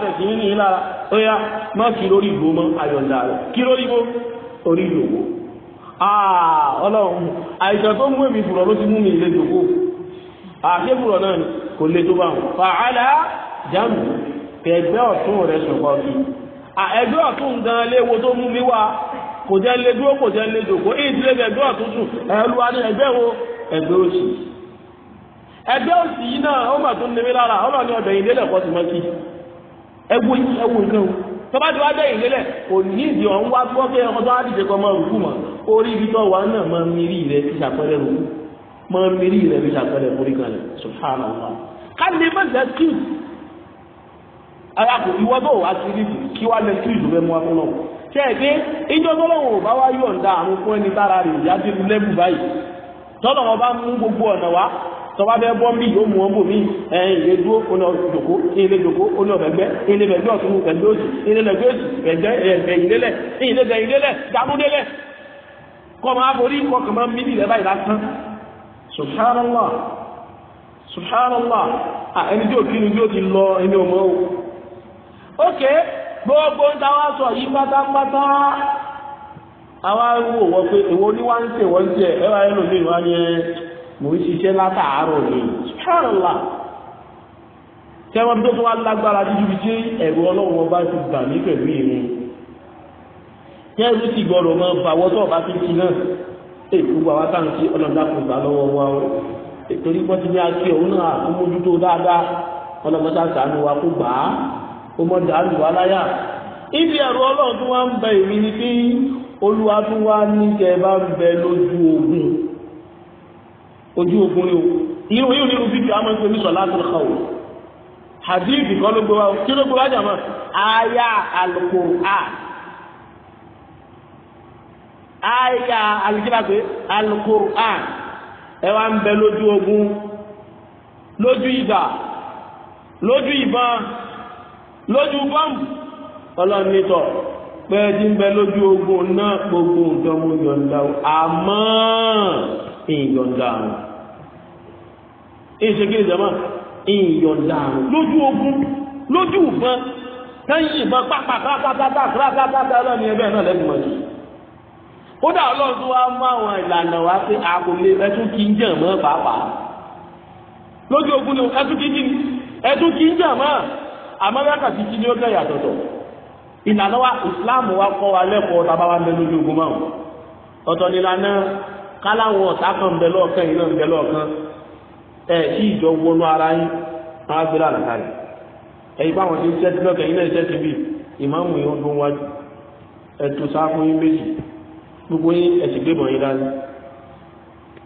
sí Ah, ọlọ́run àìsàn tó mú èmi fùrọ̀ ló ti mú mi ilé ìdòkó àṣé ah, fùrọ̀ náà kò lè tó bá wọn fàálà jáàmù ẹgbẹ́ ọ̀tún rẹ̀ ṣùgbọ́n kí ah, ẹgbẹ́ ọ̀tún gan léwo tó mú mi wá kò jẹ́ lé dúró kò jẹ́ lé dòkó èyí ti lé ẹgbẹ́ ọ̀tún sùn ẹlúwa ní ẹgbẹ́ wo ẹgbẹ́ òsì ẹgbẹ́ òsì yìí náà ó mà tún níbi lára orí ibi tó wà náà máa mìírí rẹ̀ fi ṣàpẹẹrẹ rò máa mìírí rẹ̀ fi ṣàpẹẹrẹ forí kan rẹ̀ subhanallah ká lè má jẹ́ skills alákò ìwọ tó wà sí ibi kí wàá lẹ skills rẹ mú afọ náà ṣe é pé ìjọ tó lọ́wọ́ ò bá wá yọ̀ǹda àrùn fún ẹni tára rẹ̀ ìyá dé lu lẹ́bù báyìí tọ́lọ̀ wọn bá mú gbogbo ọ̀nà wá tọba bẹ bọ́ mí yóò mú ọ bò mí ẹ̀yìn ilé dúró ọ̀nà òjòkó ilé jòkó ọ̀nà ọ̀bẹ̀gbẹ́ ilé bẹ̀gbẹ́ ọ̀tún bẹ̀gbẹ́ òsì ilé bẹ̀gbẹ́ òsì bẹ̀gbẹ́ ẹ̀yìn lélẹ̀ ilé bẹ̀yìn lélẹ̀ dàmúdélẹ̀ kọ́ máa borí kọkàn máa mímí rẹ̀ báyìí lásán subhanallah subhanallah ẹni tí òkè ni yóò ti lọ ẹni ọmọ o ok gbogbo ń táwa sọ yí pátápátá àwa wò wọ́n pé èwo ni wá ń tè wọ́n jẹ ẹ wá yẹn lòdì wá yẹn mò ń ṣiṣẹ́ látàárọ̀ ni subhanallah tẹ́wọ́n tó tó wá lágbára títí fi ṣe ẹ̀rù ọlọ́run ọba ti gbà mí pẹ̀lú ìrìn kẹ́rù sì gbọ́dọ̀ mọ bàwọ́ tó ọba fi ti náà èyí gbogbo àwọn táwọn ti ọlọ́dà kò gbà lọ́wọ́ wa o torí wọ́n ti ní akí òun náà kó mójútó dáadáa ọlọ́mọdé àtàánú wa kó gbà á kó mọ́ dàánù wa láyà. ibi ẹ̀rọ ọlọ́run tó wá ń bẹ èmi ni pé olúwa tó wá ní kẹ́ ẹ bá ń bẹ lójú ogun ojú ogun ni o irun yìí nínú fídíò àmọ́ ìpè mi sọ láti ọkọ̀ o hadith kan ló gbé wa kí ló gbé wa jàmọ́ aya al-Qur'an àyà alùjíbàgbé alukur'an ẹ wá ń bẹ lójú ogun lójú ìdà lójú ìbọn lójú bọ́ǹbù ọlọ́nìtọ̀ pé tí ń bẹ lójú ogun náà gbogbo nǹkan mú yọ̀ǹda àmọ́ ìyọ̀ǹda àrùn ìṣe kí ni jama ìyọ̀ǹda àrùn lójú ogun lójú ìbọn tẹ́yìn ìbọn pápá pápá pápá pápá pápá ọlọ́ni ẹgbẹ́ náà lẹ́nu mọ́tò kódà ọlọ́run tó wá mú àwọn ìlànà wá pé a kò lè ẹtún kí ń jàn mọ́ pàápàá lójú ogun ni ẹtún kí ń jìn ẹtún kí ń jàn mọ́ amẹ́ríkà ti kí ni ó kẹ́ yàtọ̀tọ̀ ìlànà wa Islam wa kọ́ wa lẹ́kọ̀ọ́ tá a bá wà lẹ́ lójú ogun máa ọ̀tọ̀ nílànà káláwọn ọ̀tá kan bẹ lọ́ọ̀kan iná bẹ lọ́ọ̀kan ẹ̀ sí ìjọ wọnú ara yín máa gbé lànà ẹ̀yìn báwọn gbogbo yín ẹsì gbé bọ̀nyí dání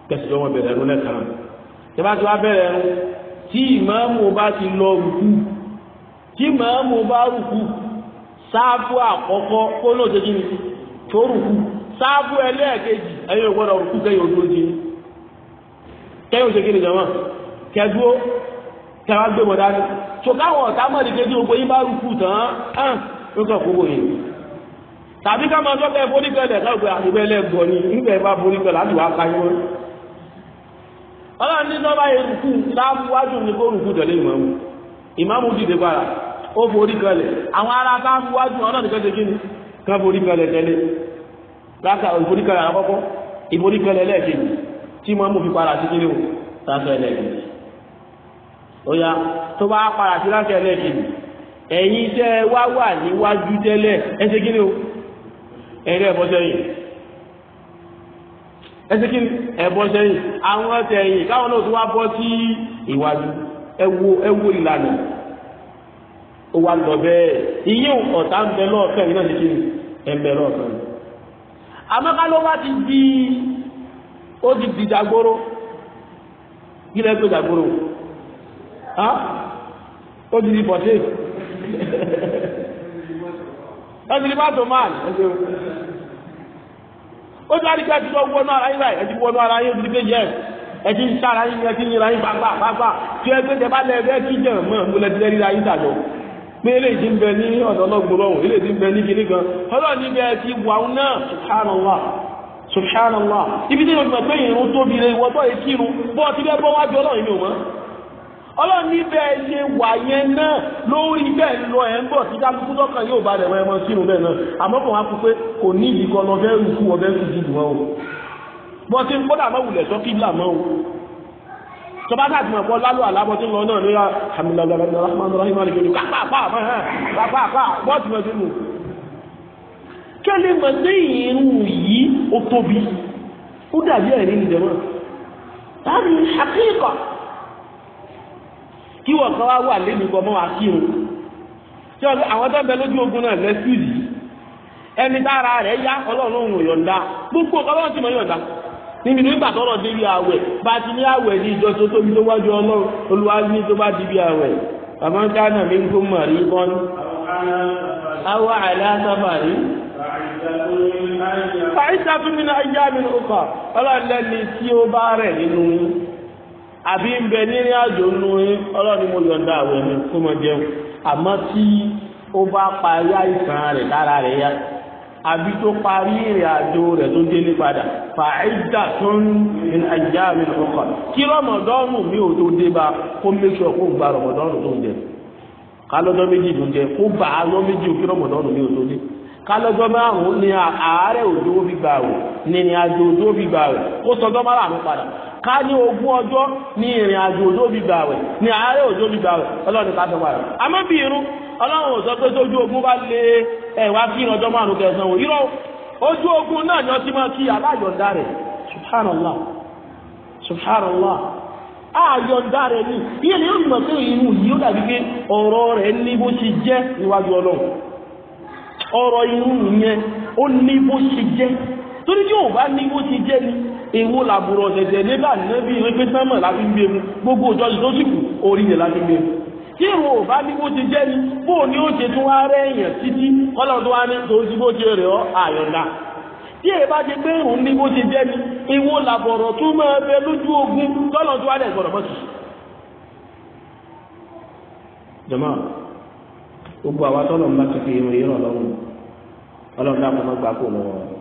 kẹsì jọ wọn bẹ̀rẹ̀ ẹnu lẹ́ẹ̀kan tẹ́lá tí wàá bẹ̀rẹ̀ ẹnu tí ìmáàmù bá ti lọ rùkú tí ìmáàmù bá rùkú sáàbù àkọ́kọ́ kó náà ṣe kí ni tó rùkú sáàbù ẹlẹ́ẹ̀kejì ẹ̀yin ògbọ́dọ̀ rùkú kẹ́yìn ojú ojú kẹ́yìn ojú kí ni jọ̀wọ́n kẹ́dúró kẹ́wàá gbé bọ̀ dání ṣùgbọ́n àwọn ọ̀tá mọ̀ tàbí ká máa tọ́kẹ́ foríkẹ́lẹ̀ lọ́gbẹ́ àdúgbẹ́lẹ̀ gbọ́ ni nígbà ìbá foríkẹ́lẹ̀ láti wá ká yín ọlọ́run ní nọ́mbà ìrùkù láwájú ní kó rùkù tẹ̀lé ìmáàmù ìmáàmù dìde padà ó foríkẹ́lẹ̀ àwọn ará ká wájú ọlọ́run kẹ́sẹ̀ kí ni ká foríkẹ́lẹ̀ tẹ̀lé láka ìforíkẹ́lẹ̀ àkọ́kọ́ ìforíkẹ́lẹ̀ lẹ́ẹ̀kejì tí ìmáàmù fi padà sí kíni o láńkẹ́ lẹ́ẹ̀kejì ó yá tó bá padà sí láńkẹ́ lẹ́ẹ̀kejì ẹ̀yin tẹ́ wá wà níwájú tẹ́lẹ̀ ẹ ẹ̀rí ẹ̀bọ sẹ́yìn ẹsẹ̀ kí ẹ̀bọ sẹ́yìn àwọn ọ̀sẹ̀ yìí káwọn náà tún wá bọ́ sí ìwájú ẹwo ẹwo ìlànà ó wá lọ bẹ́ẹ̀ iye ọ̀tá ń bẹ lọ́ọ̀kan yìí náà ṣe kí ẹ̀ ń bẹ lọ́ọ̀kan yìí àmọ́ká ló bá ti di ó ti di dàgbóró kí lẹ́ pé dàgbóró ó ti di bọ̀dé. (laughs) ẹsìn bá tó máa ẹsìn o ojú àdìgbà ti lọ wọnú ara yín báyìí ẹsìn wọnú ara yín ojú yẹn ẹsìn sára yín ni ẹsìn yìnra yín gbàgbà gbàgbà tí ẹ gbé tẹ̀bá lẹ ẹgbẹ́ kí jẹ̀ mọ́ mo lẹ tilẹ̀ ríra yín tàjọ pé eléyìí ti ń bẹ ní ọ̀dọ̀ ọlọ́gbọ̀lọ́hùn eléyìí ti ń bẹ ní kinní kan ọlọ́ọ̀ níbi ẹ ti wà ń náà subhanallah subhanallah ibi tí mo ti mọ̀ pé ìrún tóbi rẹ̀ ìwọ́tọ̀ èkìrún bọ́ọ̀ ti bẹ́ bọ́ wájú ọlọ́run mi ò mọ́ ọlọ́run níbẹ̀ lè wà yẹn náà lórí bẹ́ẹ̀ lọ ẹ̀ ń bọ̀ sí dákúkú tọ́kàn yóò balẹ̀ wọ́n ẹmọ sínú bẹ́ẹ̀ náà àmọ́ kàn wá kú pé kò ní ìdí kan lọ rúkú ọbẹ̀ rú jù wọn o wọ́n ti ń kọ́dà mọ́ wulẹ̀ sọ́kì ńlá mọ́ o tọba ká àtìmọ̀ kọ́ lálọ́ àlábọ̀ tó ń lọ náà ní alhamdulilayi rahman rahim alikiri kápápá kápápá bọ́ọ̀tì mọ̀ sínú kẹ́lẹ́ mọ̀ lẹ́yìn irú yìí ó tóbi kí wọ́n wá wà lẹ́nu ìbọn mọ́ kí o tí àwọn tó ń bẹ lójú ogun ẹni tára rẹ̀ yá ọlọ́run òun yọ̀ǹda gbogbo ọlọ́run ti mọ̀ yọ̀ǹda níbi ní ìgbà tọ́rọ̀ dé àwẹ̀ bá ti ní àwẹ̀ ní ìjọ tó tóbi tó wájú ọlọ́run olúwa ní tó bá àwẹ̀ bàbá ń mi ń kó mọ̀ rí bọ́n awọ àlẹ́ tún ọkọ̀ ọlọ́run lẹ́ni àbí ń bẹ ní ìrìn àjò nù yín ọlọ́run mo yọ̀ǹda àwẹ̀ mi fún mọ jẹun àmọ́ tí ó bá parí àìsàn rẹ̀ lára rẹ̀ yá àbí tó parí ìrìn àjò rẹ̀ tó délé padà fàáìdà tó ń rìn àjà mi nìkan kí rọmọdọ́nù mi ò tó dé bá kó mẹ́sọ̀ kó gba rọmọdọ́nù tó ń jẹ kálọ́jọ́ méjì ló ń jẹ kó bá a lọ méjì kí rọmọdọ́nù mi ò tó dé kálọ́jọ́ márùn-ún ni àárẹ̀ òjò fi gbà wò ní ìrìn àjò òjò fi gbà wò kó sọjọ́ márùn-ún padà ka ní ogún ọjọ́ ní ìrìn àjò òjò gbígbà ní àárẹ̀ òjò gbígbà ọlọ́run ká fẹ́ àmọ́ bí irun ọlọ́run ò sọ pé ogun bá lé ẹ̀ wá kí márùn kẹsàn-án irọ́ ojú ogun náà ni ọtí máa kí aláyọ̀ǹda rẹ̀ subhanallah rẹ̀ ni iye ni yóò mọ̀ pé irú yìí ó dàbí pé ọ̀rọ̀ rẹ̀ ní bó ti jẹ́ níwájú ọlọ́run ọ̀rọ̀ torí iwu làbúrò ọ̀sẹ̀sẹ̀ nígbà nẹ́bí wípé sánmà láti gbé mu gbogbo òjò yìí tó sì kù orí rẹ̀ láti gbé mu. tí ìwọ ò bá ní bó ti jẹ́ ni bó ni ó ṣe tún wá rẹ́ títí ọlọ́run tó ní bó tí èyí bá ti òun ní bó ti ni ewu máa bẹ lójú ogun gbogbo àwa tọ́lọ̀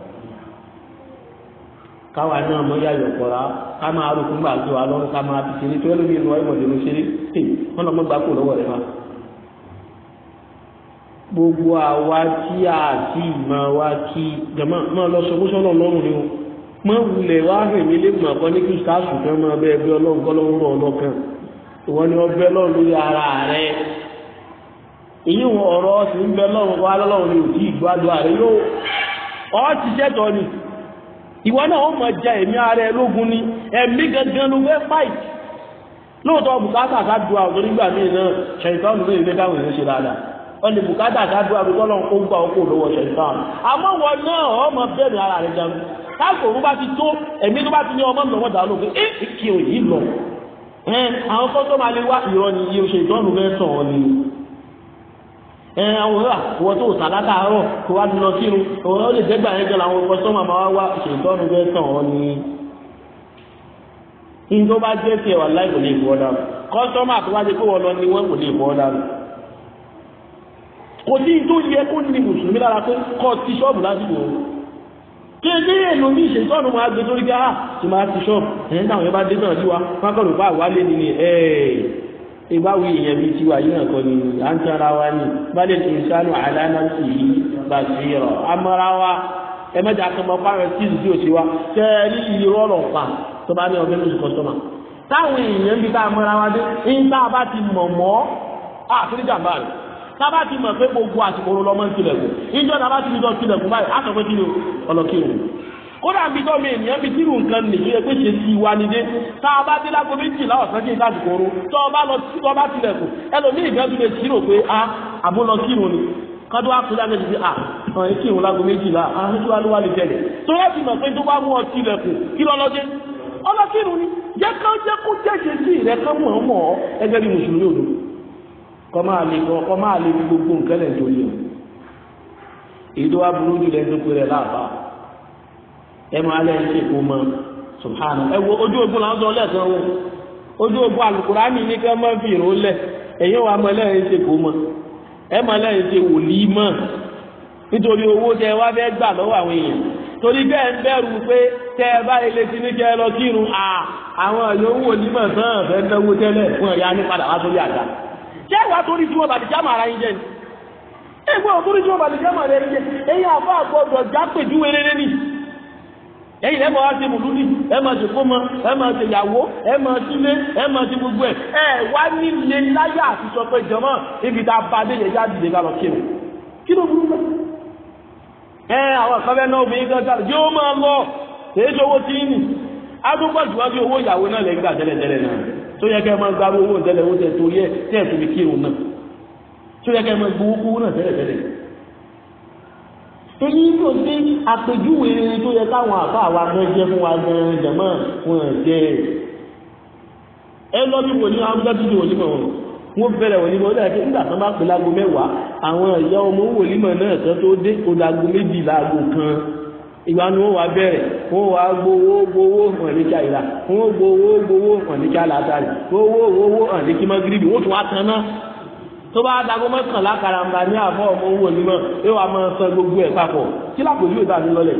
káwa náà mọ yàyọ̀ kọ́ra ká máa rúkú gbà tó wa lọ́rùn ká máa fi ṣeré tó lómi ìlú ọ̀yọ́mọ̀dé ló ṣeré tè wọ́n lọ mọ́ gbà kó lọ́wọ́ rẹ̀ máa. gbogbo àwa tí a ti máa wá kí jama máa lọ sọ mọ́sọ́nà ọlọ́run ni o mọ wulẹ̀ wá rìn mí lè mọ̀ kọ́ ní kí sáàsù kan máa bẹ́ẹ̀ bí ọlọ́run kọ́ rọ̀ ọlọ́kan ìwọ ni wọ́n bẹ́ lórí ara rẹ̀ èyí wọn ọ̀rọ̀ ọ̀sìn ń bẹ́ lọ́run wá lọ́run ni òtí ìwọ náà wọ́n mọ̀ jẹ ẹ̀mí ara ẹ lógun ẹ̀mí gangan ló fẹ́ fight lóòótọ́ bùkátà ká du àwọn onígbà míì náà ṣèǹtọ́n ló lè dáhùn ìrìn ṣe dáadáa wọ́n ní bùkátà ká du àwọn ìkọlọ́ kó gbà ó kó lọ́wọ́ ṣèǹtọ́n àmọ́ wọn náà ọmọ bẹ́ẹ̀ni ara rẹ̀ jẹun káàkó òun bá ti tó ẹ̀mí tó bá ti ní ọmọ lọ́wọ́ dà ẹ àwọn ọ̀rọ̀ àwọn tó sà látàárọ̀ tó wá lọ sínú ọ̀rọ̀ lè dẹ́gbà yẹn gan làwọn kọ́sọ́mà máa wá ṣètọ́nu fẹ́ tàn ọ́ ni. ní tó bá jẹ́ tiẹ̀ wà láì kò lè fọ́ dànù kọ́sọ́mà tó wá ti kó wọ́n lọ ni wọ́n kò lè fọ́ dànù. kò sí tó yẹ kó ní mùsùlùmí lára pé kọ́ ti ṣọ́ọ̀bù lásìkò kéde èlò mi ìṣètọ́nù máa gbé torí gáà tí máa ti ṣọ́ọ̀bù ẹ̀yìn táwọn yẹn bá dé náà sí wa pákọ̀rọ̀ bá ah, wálé ẹ̀ẹ́ ìbáwí èèyàn bíi tiwa yìí náà kọ́ ni à ń tẹ́ra wa ni balẹ̀ tó ń sánú àlànà sí i bá sí rọ̀ amọ́ra wa ẹ mẹ́ta kan mọ́ fáwọn tíìsì tí ò sí wa tẹ́ ẹ ní iye rọ́ọ̀lọ̀ pa tó bá ní ọ̀gbẹ́ lóṣù kọ́sọ́mà táwọn èèyàn bíi tá a wa dé ń tá a bá ti mọ̀ mọ́ àtúndì jàmbá rẹ̀ tá a bá ti mọ̀ pé gbogbo àsìkò lọ́mọ́ ń tilẹ̀kùn ìjọba bá ti ní kódà bí tọ́ mi ènìyàn bí tírù nǹkan nìyí ẹ pé ṣe sí wa nídé tá a bá dé lágbo méjìlá ọ̀sán kí n ká dùkọ̀rọ̀ tọ́ ọ bá lọ sí tọ́ bá tilẹ̀kùn ẹlòmíì gan tún lè ṣírò pé a àbó lọ kírun ni kádó àkúdá méjì sí a àwọn èkì ìhun lágbo méjìlá àwọn èkì wa ló wà lè tẹ̀lé tó yẹ fi mọ̀ pé tó bá mú ọ tilẹ̀kùn kí lọ lọ́dé ọlọ́kírun ni jẹ́ kán jẹ́ kó jẹ́ṣe sí rẹ kán mọ̀ mọ̀ ẹgbẹ́ bí mùsùlùmí òdo kọ́ máa lè kọ́ máa lè gbogbo nǹkan lẹ̀ tó yẹ èyí tó wá burú jù lẹ́nu pé rẹ̀ láàbá ẹ máa lẹ́yìn tí kò mọ subhanu ẹ wo ojú ogun là ń sọ lẹ́sàn-án wo ojú ogun alukurani ní ká máa fi ìrún lẹ̀ ẹ̀yin wa máa lẹ́yìn tí kò mọ ẹ máa lẹ́yìn tí wòlíì mọ̀ nítorí owó tẹ wá fẹ́ gbà lọ́wọ́ àwọn èèyàn torí bẹ́ẹ̀ ń bẹ̀rù pé tẹ́ ẹ bá ilé tí ní kẹ́ ẹ lọ kírun à àwọn ìyówó onímọ̀ sàn fẹ́ náwó tẹ́lẹ̀ fún ẹ̀yà ní padà wá sórí àga ṣé ìwà torí tí wọ́n bàtí jáàmù ara yín jẹ́ ni ẹgbẹ́ òtórí tí wọ́n bàtí jáàmù ara yín jẹ́ ẹ̀yin àbá àgbọ̀dọ̀ jápèjúwe lélẹ́ni ẹ̀yin lẹ́mọ̀ wá sí mùlúlì ẹ máa ṣe kómọ ẹ máa ṣe ìyàwó ẹ máa sílé ẹ máa ṣe gbogbo ẹ̀ ẹ wá nílé láyà àti sọ pé jọmọ́ ibi tá a bá dé yẹn yá dìde ká lọ kí mi kí ló burú náà ẹ àwọn kan fẹ́ náà obìnrin kan sáré yóò máa lọ èyí tó owó tí ń nì adúgbò ìwádìí owó ìyàwó náà lẹ́gbà tẹ́lẹ̀tẹ́lẹ̀ náà tó yẹ kẹ́ máa gba owó tẹ́lẹ̀ owó tẹ́ torí tó yẹ kẹ́ èyí tó ṣe àpèjúwe tó yẹ káwọn àbá àwa gan jẹ fún wa gan jẹmọ wọn jẹ ẹ lọ bí wòlíì àwọn abúlé tó di wòlíì mọ wọn wọn bẹ̀rẹ̀ wòlíì mọ lẹ́yìn nígbà tó bá pè lágo mẹ́wàá àwọn ìyá ọmọ wòlíì mọ náà kan tó dé kó lágo méjì lágo kan ìgbà ni wọn wá bẹ̀rẹ̀ wọn wá gbowó gbowó hàn ní káyìlá wọn gbowó gbowó hàn ní káyìlá àtàrí gbowó gbowó hàn ní kímọgírìbì wọn tún wá tán náà tó bá dago mọ́kànlá karamba ní àbọ̀ ọmọ owó onímọ̀ yóò wá máa san gbogbo ẹ̀ papọ̀ kí lápò yóò dà mí lọ́lẹ̀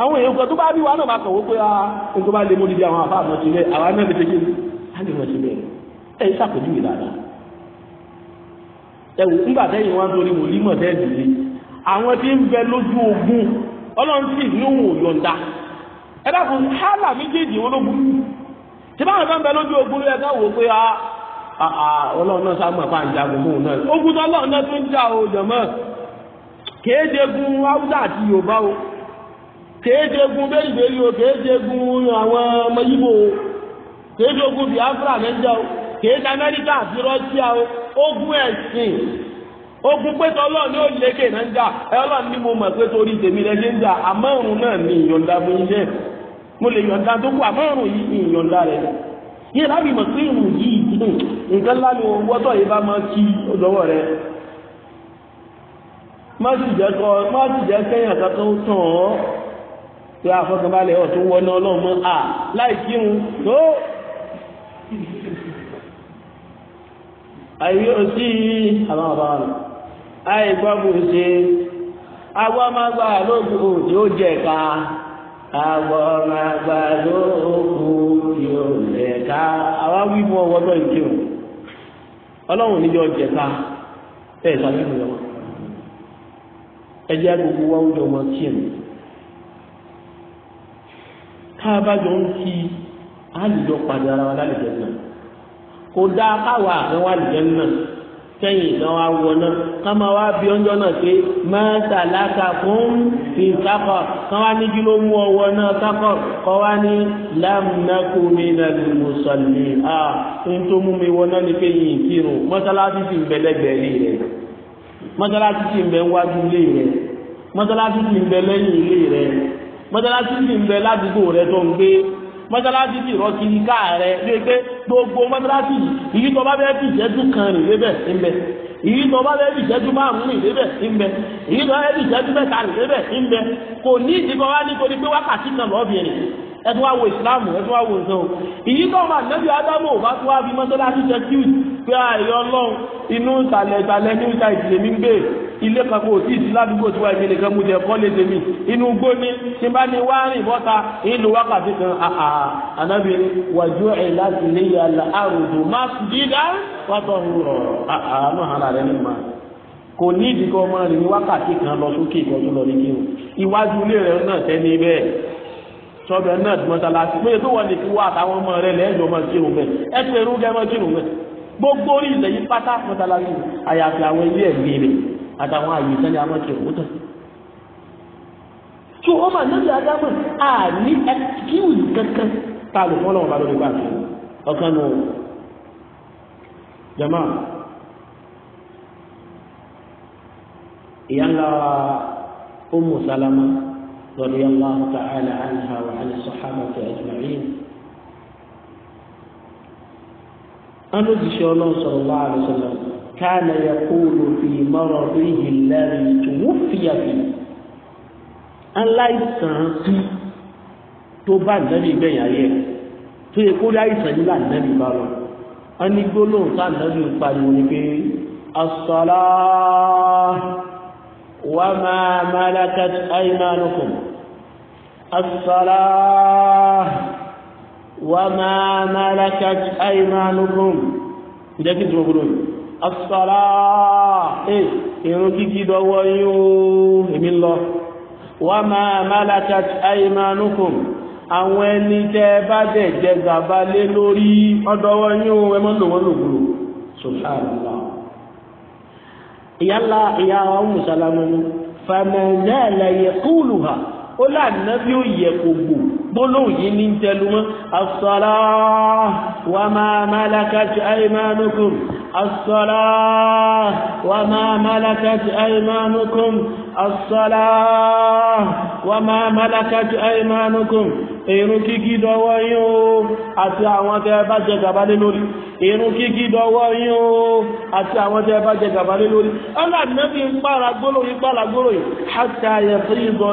àwọn èèyàn kan tó bá bí wa náà bá kàn wó pé a ah, n tó bá lé mọ́lídìí àwọn àfa àmọ́ ti rẹ̀ àwa náà lè ṣe kí ni a lè mọ̀ sí bẹ́ẹ̀ ẹ̀ ṣàpèjúwe dáadáa ẹ̀wù nígbà tẹ́yìn wá ń torí wòlímọ̀ tẹ́ẹ̀dì yìí àwọn tí ń bẹ lójú ogun ọlọ́run sì lóhùn òyọ̀ǹda ẹ Ah, ah, ọlọ́run náà sábà pa ń jagun fún un náà ogun tó ọlọ́run náà tó ń jà o jọ̀mọ́ kéédegun haúsá àti o kéédegun bẹ́ẹ̀lì o àwọn ọmọ yíbo o biafra lẹ́jà o kééde amẹ́ríkà àti rọ́ṣíà o ogun ẹ̀sìn ogun ọlọ́run ní òlékè náà ń jà ẹ ọlọ́run ní mo mọ̀ pé torí tèmi ṣe ń jà nǹkan ńlá ni owó tọ̀ yìí bá máa kí ọdọwọ́ rẹ má sì jẹ́ kọ́ má sì jẹ́ kẹ́yìn àkàtọ́ tàn ọ́ pé afọ́kànbalẹ̀ ọ̀ tó wọ́ná ọlọ́run mọ́ à láì kírun tó àyè òsì àwọn ọba rẹ àyè gbọ́ bó ṣe àwọn ọmọ agbára lóògùn òjò jẹ̀ka agbọ̀nàgbà ló kú yóò lè ká àwa wí mú ọwọ́ náà ìké o ọlọ́run níjọ jẹta ẹ ìsàlẹ̀ ìlú yẹn ẹ jẹ́ gbogbo wa ó jọ ọmọ tí ẹ̀ ká bá jọ ń kí àlùjọ padà ara wa lálẹ́ jẹ́ náà kò dáa káwa àfẹ́wà lẹ́yìn náà kẹ́yìn náà wọ náà kama wa bí ọjọ́ náà pé máa sàlákà fún fi sákọ̀ kan wá ní kí ló mú ọwọ́ náà sákọ̀ kọ́ wá ní lámùnákù mi nà lè mùsọ̀lì à ń tó mú mi wọná ní pé yìí kírun mọ́sálásí sì ń bẹ lẹ́gbẹ̀ẹ́ ilé rẹ̀ mọ́sálásí sì ń bẹ wájú ilé rẹ̀ mọ́sálásí sì ń bẹ lẹ́yìn ilé rẹ̀ mọ́sálásí sì ń bẹ ládùúgbò gbé mọ́sálásí ti rọ kiri káà rẹ̀ lé pé gbogbo mọ́sálásí yìí tó bá fẹ́ fi ìjẹ́jú kan rè lébẹ̀ ń bẹ̀ èyí tó bá bẹ́ẹ̀ bí ìṣẹ́jú márùn-ún rìn débẹ̀ ń bẹ èyí tó bá bẹ́ẹ̀ bí ìṣẹ́jú mẹ́ta rìn débẹ̀ ń bẹ kò ní ìdìbò wá nítorí pé wákàtí kan lọ́ọ̀bìnrin ẹ̀dùn wa wo ìsìláàmù ẹ̀dùn wa wo ìṣẹ́ o èyí tó máa nẹ́bí ádámù ò bá tó wá bí mọ́tọ́lá pé ààyè ah, ọlọ́run inú ìsàlẹ̀ ìsàlẹ̀ ní ìta ìdílé mi ń gbé ilé kan kò tí ì sí ládùúgbò tí wà ní ilé kan mo jẹ kọ́lé tèmi inú igbó ni tí bá ní wá rìn bọ́ta ìlú wákàtí kan ànábì wàjú ẹ̀ láti lè yà lá àròjò má dídá wàtọ̀ rọ̀ àánú ara rẹ̀ nìma kò ní ìdíkọ́ ọmọ rẹ̀ ní wákàtí kan lọ sókè kan tó lọ ní kí o ìwájú ilé rẹ̀ náà tẹ́ni bẹ́ẹ̀ sọ́bẹ̀ náà mọ́tàlá sí pé tó wọ́n lè fi wá àtàwọn ọmọ rẹ̀ lẹ́yìn ọmọ kírun bẹ́ẹ̀ ẹ pẹ̀lú gẹ́mọ́ kírun bẹ́ẹ̀. gbogbo orí ilẹ̀ yìí pátá mọ́tàlájú àyàfi àwọn ilé ẹ̀gbẹ́ rẹ̀ àtàwọn àyè sẹ́ni amọ́tì òwúntàn. tó o máa nílò adámọ̀ a ní ẹkíwìlì kankan tá a lò fún ọlọ́run bá lórí bá ọkàn nù. jama ìyá ńlá Ummu Salama radiyallahu ta'ala anha wa ala sahabati أنا الله صلى الله عليه وسلم كان يقول في مرضه الذي توفي فيه aláìsàn sí tó bá nàbì gbẹ̀yìn ayé tó yẹ kó láìsàn yìí là nàbì bá lọ wọn ní gbólóhùn tá nàbì ń pariwo ni pé asọ́lá wà máa malakat aymanukum asọ́lá. وما ملكت أيمانكم إذا كنت مقولون الصلاة إيه إنك كده ويوه من الله وما ملكت أيمانكم àwọn ẹni tẹ bá dẹ̀ jẹ gàba lé lórí ọdọwọ yóò ẹ mọ lòwọ lògbòrò sùhánàlá ìyálà ìyá wa ń mùsàlámù fàmẹ̀lẹ́ kúlù ha ó láàánú bí ó yẹ kó gbòó gbólóhùn yìí ní tẹlumọ́ asọ́lá wa máa malakati aimanukum asọ́lá wa máa malakati aimanukum asọ́lá wa máa malakati aimanukum irun kíkí dọwọ́ yín o àti àwọn tẹ́ bá jẹ gàba lé lórí irun kíkí dọwọ́ yín o àti àwọn tẹ́ bá jẹ gàba lórí ọlọ́dún náà fi ń pàrà gbólóhùn pàrà gbólóhùn hàtà yẹ fún ìzọ̀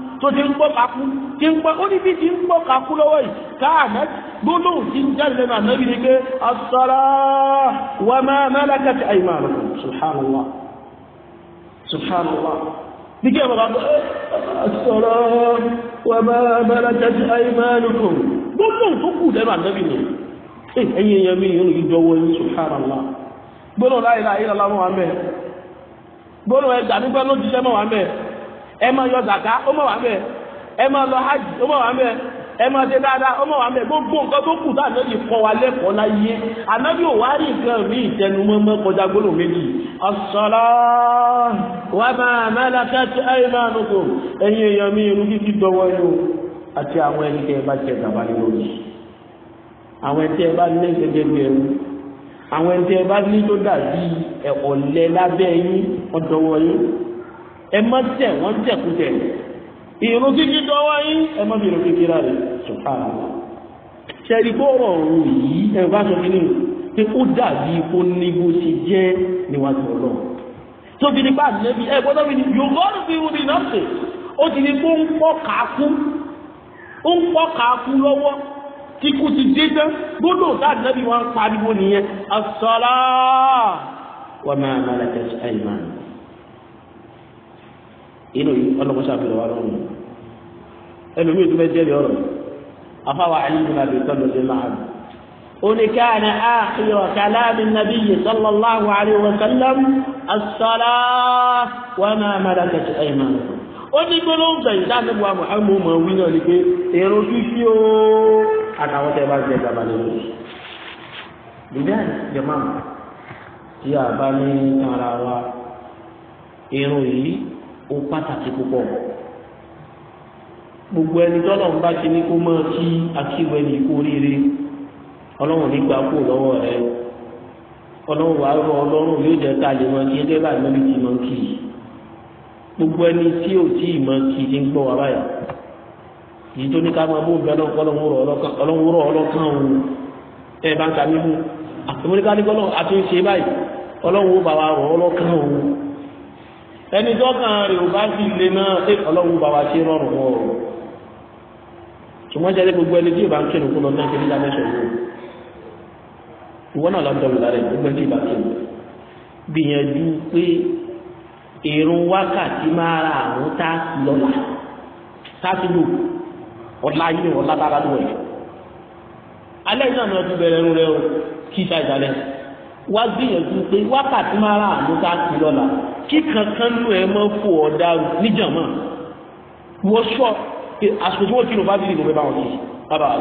tó ti ń gbọ́ kakú ti ń gbọ́ ó ní bí ti ń gbọ́ kakú lọ́wọ́ yìí káàmẹ́ gbólóhùn ti ń jáde lẹ́nu ànábì ni pé asọ́lá wà máa mẹ́lẹ́kẹ́ ti àyè máa lọ subhanallah subhanallah ní kí ẹ bàbá asọ́lá wà máa mẹ́lẹ́kẹ́ ti àyè máa lọ gbólóhùn tó kù lẹ́nu ànábì ni ẹ̀yìn eh, ẹ̀yẹ mi yóò yí dọ́wọ́ yín subhanallah gbólóhùn láyé lọ́wọ́ wa gbólóhùn ẹ̀dà nígbà ló ẹ máa yọ zàká ó mọ̀ wá mẹ́ ẹ máa lọ hajj ó mọ̀ wá ẹ ṣe dáadáa gbogbo nǹkan tó kù wa lẹ́kọ̀ọ́ láyé ànábì ò wá rí nǹkan rí ìtẹnumọ́mọ́ kọjá gbólóhùn méjì ọ̀sọ̀rọ̀ wà máa malakat aymanukum ẹ̀yin èèyàn mi irú kíkí dọwọ́ àti àwọn ẹni ẹ bá gàba ní lórí àwọn ẹni ẹ bá ní bí àwọn ẹ má jẹ wọn jẹkújẹ ìrún kíkí dọwọ yín ẹ má bí ìrún kíkí rà rẹ ṣùkàrà ṣẹlí bọrọ ọrùn yìí ẹ bá sọ nínú pé ó dàbí kó ní bó ṣe jẹ níwájú Ọlọ́run tóbi ní báàdì lẹbi ẹ gbọ́dọ̀ bí yògọrù fi wúdi náà ó ti ní kó ń pọ kàákú ó ń pọ kàákú lọ́wọ́ kíkú ti dé tán gbọ́dọ̀ dáàdì lẹbi wọn pariwo nìyẹn asọlá wọn máa máa lẹkẹsì àìmáà inú ọlọ́kọ́ sàfihàn wa lọ́wọ́ ẹlòmíì tó fẹ́ jẹ́rìí ọ̀rọ̀ afáwa àyíkú nàbí tọ́lọ̀ sí láàánú. oníkàánì àkìrọ̀ kàlámì nàbí yìí sallallahu alayhi wa sallam asọ́lá wọn máa mara kẹsì ẹ̀yìnmá. ó ní gbólóhùn gbẹ̀yìn sáfẹ́ bu àmọ́ wí náà ni pé èrò fífi ó àtàwọn tẹ́ bá jẹ́ ìjàmbá lórí. bìbẹ́ jẹ́mọ́ tí a bá ní ara wa irun yìí ó pàtàkì púpọ̀ gbogbo ẹni tọ́lọ̀ ń bá ti ní kó mọ́ kí akíwé ní ikú oríire ọlọ́run nígbà kú lọ́wọ́ rẹ ọlọ́run wàá rọ ọlọ́run yóò jẹ́ ká lè mọ kí ẹgbẹ́ bá ti gbogbo ẹni tí ò tí ì mọ kì í ti ń gbọ́ wá báyà yìí tó ní ká máa bó bẹ́ẹ̀ ọlọ́run rọ ọlọ́kàn òun ẹ bá ẹni tọ́kàn rẹ̀ ò bá sì lè náà ṣé ọlọ́run bá wa ṣe rọrùn wọn o ṣùgbọ́n jẹ́rẹ́ gbogbo ẹni tí ìbá ń kírun kó lọ náà kiri lámẹ́sọ̀ yìí ìwọ náà lọ́dọ̀ wù lárẹ̀ gbogbo ẹni tí ìbá kírun gbìyànjú pé ìrun wákàtí máa ra àrùn tá a sì lọ́la tá a sì lò ọ̀la yìí ọ̀la tá a bá alẹ́ náà ni wọ́n ti bẹ̀rẹ̀ ẹrú rẹ o kí ìta ìdálẹ́ wá gbìyànjú pé wákàtí máa ra àrùn tá a sì lọ́la kí kankan nù ẹ mọ́ fò ọ́ dárò níjàmọ́ wọ́n sọ àsìkò tí wọ́n kí ló bá dìde ìgbẹ́ bá wọn yìí bàbá wa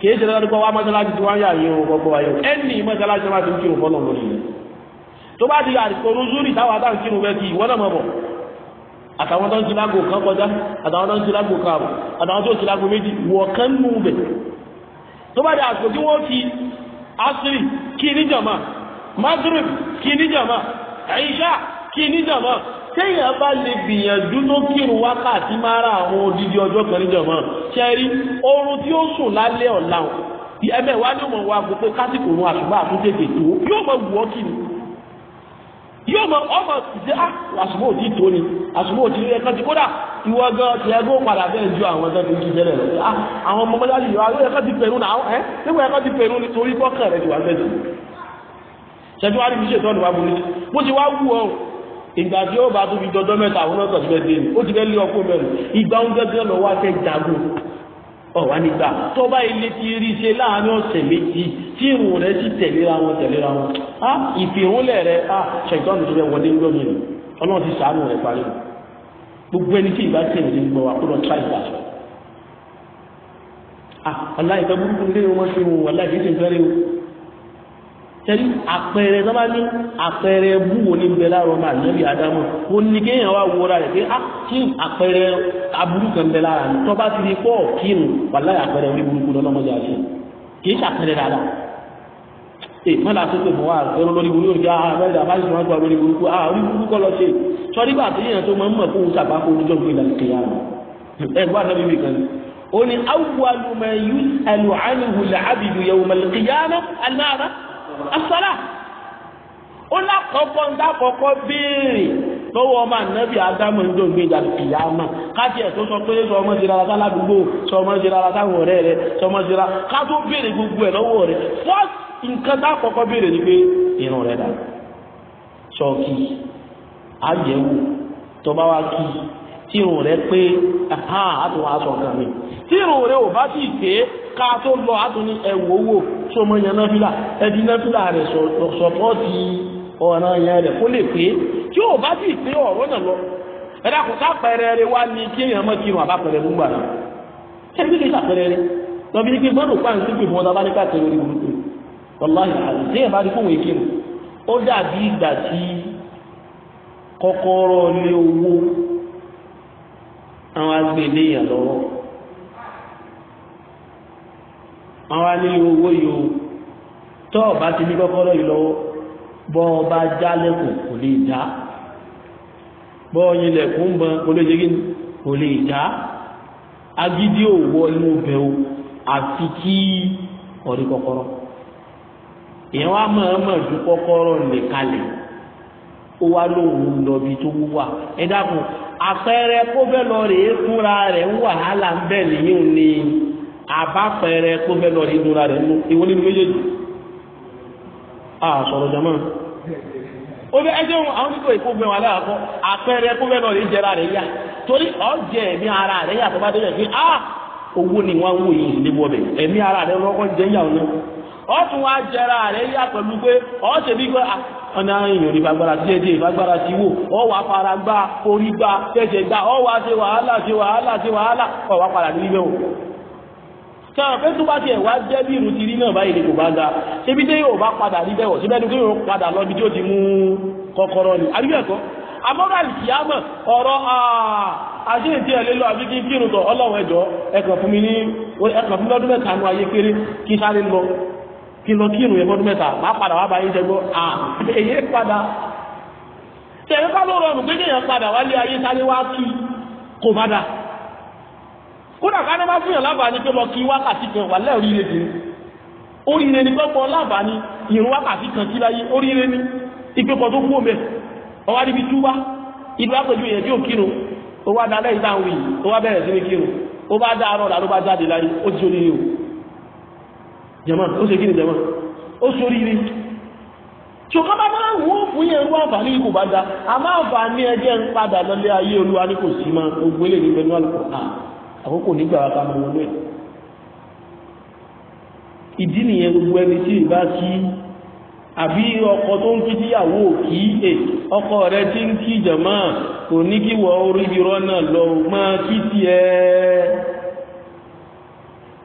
kì í ṣe dáadáa pé wọ́n á mọ́sálásí tí wọ́n yà yín o gbogbo ayọ̀ ẹnì mọ́sálásí máa ti ń kírun fọ́nà lórí rẹ̀ tó bá di àsìkò rúzúrì táwọn adáhùn kírun bẹ́ẹ̀ kì í wọ́n náà mọ̀ bọ̀ àtàwọn tó ń tilago kan kọjá àtàwọn tó ń tilago kaàbọ̀ àtàwọn tó ń tilago méjì wọ̀ kán mú bẹ̀. tó bá di àsìkò tí wọ́n fi asiri kí níjàmá magrib kí níjàmá àyíṣà kí níjàmọ́ téèyàn bá lè gbìyànjú tó kírun wákàtí máa ra àwọn odidi ọjọ́ kan níjàmọ́ ṣẹ́rí oorun tí ó sùn lálẹ́ ọ̀la ẹ̀mẹ́ wa ni ó mọ̀ wá gbogbo kásìkò òun àṣùgbọ́n àtúntètè tó yóò mọ̀ wù ọ́ kí ni yóò mọ ọmọ ṣe á ah, àsùnmọ́ òtí tó ni àsùnmọ́ òtí ní ẹ̀kan ti kódà ìwọ gan ti ẹgbẹ́ òpadà bẹ́ẹ̀ ju àwọn ẹ̀kan tó ń kíjẹ́ rẹ̀ lọ àwọn ọmọ mọ́lá yìí ah, ẹ̀kan ti pẹ̀rù náà ẹ̀ nígbà ẹ̀kan ti pẹ̀rù nítorí bọ́kàn rẹ̀ ti wà bẹ́ẹ̀ ṣẹ́jú wá rí fi ṣètọ́nù wá burú bó ti wá wú ọ ìgbà tí ó bá tó fi dọdọ mẹ́ta àwọn náà tọ̀síbẹ̀ dé ní ó ti fẹ́ lé ọkọ mẹ́rin ìgbà oúnjẹ tí wọ́n lọ wá fẹ́ jagun ọ̀wá nígbà tọ́ba ilé ti rí ṣe láàárín ọ̀sẹ̀ méjì tí ìrùn rẹ̀ sì tẹ̀léra wọn tẹ̀léra wọn á ìfìrúnlẹ̀ rẹ̀ á ṣẹ̀tọ́nù ti fẹ́ wọlé ńlọ́mì rẹ̀ ọlọ́run ti sàánù rẹ̀ parí gbogbo ẹni tí ìbá tẹ̀lé ní gbọ́ wa kó lọ tíráì bá sọ. aláìsàn burúkú lé wọn tẹ́lí àpẹẹrẹ tó bá ní àpẹẹrẹ búwo ní bẹ láàrọ̀ ọmọ ànábì ádámù ó ní kéèyàn wá wo ra rẹ̀ pé á ah, kí àpẹẹrẹ aburú kan bẹ lára mi tó bá ti di pọ̀ kírun wàláyà àpẹẹrẹ orí burúkú lọ́lọ́mọdé àti kì í ṣàpẹẹrẹ dáadáa mọ́lá tó tó fún wa ẹ̀rọ lórí burúkú yóò jẹ́ abẹ́rẹ́ ah, àbáṣe wọn gba lórí burúkú ah orí burúkú kọ́ lọ ṣe sọ́rí bá àti yíyan asala ó lákọ̀ọ́kọ́ ńdàkọ́kọ́ béèrè lọ́wọ́ ọmọ ànábì ádámù ń dòǹgbé ìdàpìyà mà káàkiri ẹ̀ tó sọ pé sọ ọmọ ṣe rárá sáládùúgbò sọ ọmọ ṣe rárá ọ̀rẹ́ rẹ sọ ọmọ ṣe ká tó béèrè gbogbo ẹ̀ lọ́wọ́ rẹ fọ́ọ̀sì nǹkan tá kọ́kọ́ béèrè ni pé irun rẹ dà tí irun rẹ pé àtò aṣọ kan mi tí irun rẹ ò bá sì pé ká tó lọ àtò ní ẹwọ owó tó mọ yan ẹbí náfìlà rẹ sọpọ́ọ̀tì ọ̀ràn yẹn rẹ kó lè pé tí ò bá sì pé ọ̀rọ̀ náà lọ ẹ̀dá kò rẹ wá ní kí èèyàn kí irun ẹbí rẹ lọ́bí ní kí gbọ́dọ̀ àwọn agbè léèyàn lọ́wọ́ àwọn alẹ́ owó yìí o tọ́ ọba ti ní kọ́kọ́rọ́ yìí lọ́wọ́ bọ́ ọba jálẹ̀kùn kò lè já bọ́ ọyìn ilẹ̀kùn bọ́n kò lè jẹ́gí kò lè já agídí òwò inú bẹ̀ o àfi kí ọ̀rí kọ́kọ́rọ́ èèyàn wá mọ̀ ọ́n mọ̀ ju kọ́kọ́rọ́ nìkalẹ̀ ó wá lóhùn lọ bí tó wúwà ẹ dákun àpẹẹrẹ kó rẹ̀ fúnra rẹ̀ ń wàhálà ń bẹ̀ nìyíw ni àbápẹẹrẹ kó fẹ́ lọ fúnra rẹ̀ ń ìwọ nínú méjèèjì à sọ̀rọ̀ jamaa ó fẹ́ ẹjẹ́ wọn àwọn aláàkọ́ àpẹẹrẹ rẹ̀ yá torí ọ̀jẹ̀ ẹ̀mí ara rẹ̀ yàtọ̀ bá dé ọ tún wá jẹra rẹ yá pẹ̀lú pé ọ ṣe bí pé ọ̀nà èèyàn ní fagbára sí ti wò ọ wà fara gbá orí gbá tẹ̀sẹ̀ gbá ọ wà ṣe wàhálà ṣe wàhálà ṣe wàhálà ọ wà padà ní ilé o sọ̀rọ̀ pé tó bá jẹ́ bí irun ti rí náà báyìí kò bá ga ṣebí yóò bá padà bẹ́wọ̀ ni kí yóò padà lọ bí tí ó ti mú kọ́kọ́rọ́ ni àbí ẹ̀kọ́ àmọ́ra ọ̀rọ̀ kí n lọ kí ìrùn yẹn fọdún mẹ́ta má padà wá bá yín jẹgbọ́ à èyí padà tẹ̀wé ká ló rọrùn pé kéèyàn padà wálé ayé sáré wá kí kò má dà kódà ká ní má fún yàn lábàání pé lọ kí wákàtí kan wà lẹ́ẹ̀rí ilé dè oríire ni gbọ́gbọ́ lábàání ìrùn wákàtí kan sí láyé oríire ni ìpépọ̀ tó kú òmẹ ọwá níbi túbá ìlú àpèjú yẹn tí ò kírun ó wá dalẹ́ ìtàn wì ó wá bẹ̀rẹ̀ sí ní kírun ó bá dá arọ́ dà ló bá jáde láyé ó ti jama o se kí ni jama o soriri rí ṣùgbọ́n bá máa ń fún yẹn àǹfààní kò bá da a máa fà ní ẹjẹ́ ń padà lọlé ayé olúwa ní kò sí máa gbogbo eléyìí níbẹ̀ ní àlùkò àkókò nígbà wa ká mọ ìdí nìyẹn ẹni tí ìbá sí àbí ọkọ tó ń è ọkọ rẹ ti ń kí lọ máa kí tiẹ̀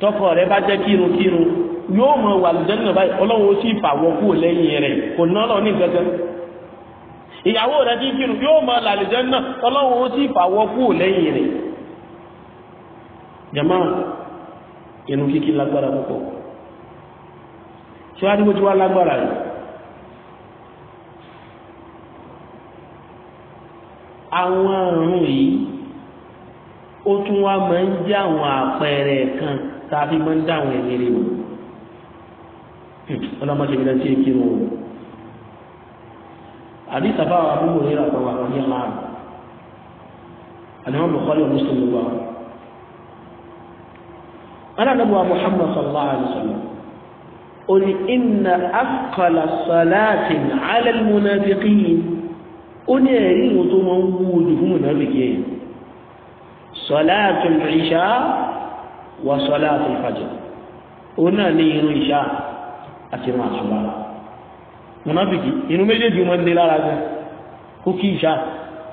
tọkọ rẹ bá jẹ kírunkírun yóò mọ wà lùdẹ́nu náà báyìí ọlọ́run ó sì fàwọ́ kú lẹ́yìn rẹ̀ kò ná lọ ní gẹ́gẹ́ ìyàwó rẹ ti kírun yóò mọ làlùdẹ́nu náà ọlọ́run ó sì fàwọ́ kú lẹ́yìn rẹ̀ jama inú kíkí lágbára púpọ̀ síwájú bó ti wá lágbára yìí àwọn àrùn yìí ó tún wá máa ń jẹ́ àwọn àpẹẹrẹ kan tá a fi máa ń dá àwọn ẹni rí o ọlọ́mọdé mi lọ́ọ́ tí èké o àdìsá bá wa búburú rírà kan wà lọ́ọ́ yẹ́lá àná wọn bọ̀kọ́lé mùsùlùmí wa alábàbà Muhammad sallallahu alayhi wa sallam ó ní inna akọlà salatin ala al-munafiqin ó ní ẹ̀rí ìwọ̀n tó máa ń wú ojú fún mùnàfíkì yẹn salatul isha wa salati al-fajr òun náà ní irun ìṣá àti irun àṣùbà mọ̀nàbìkì irun méjèèjì wọn lé lára gan kó kí ìṣá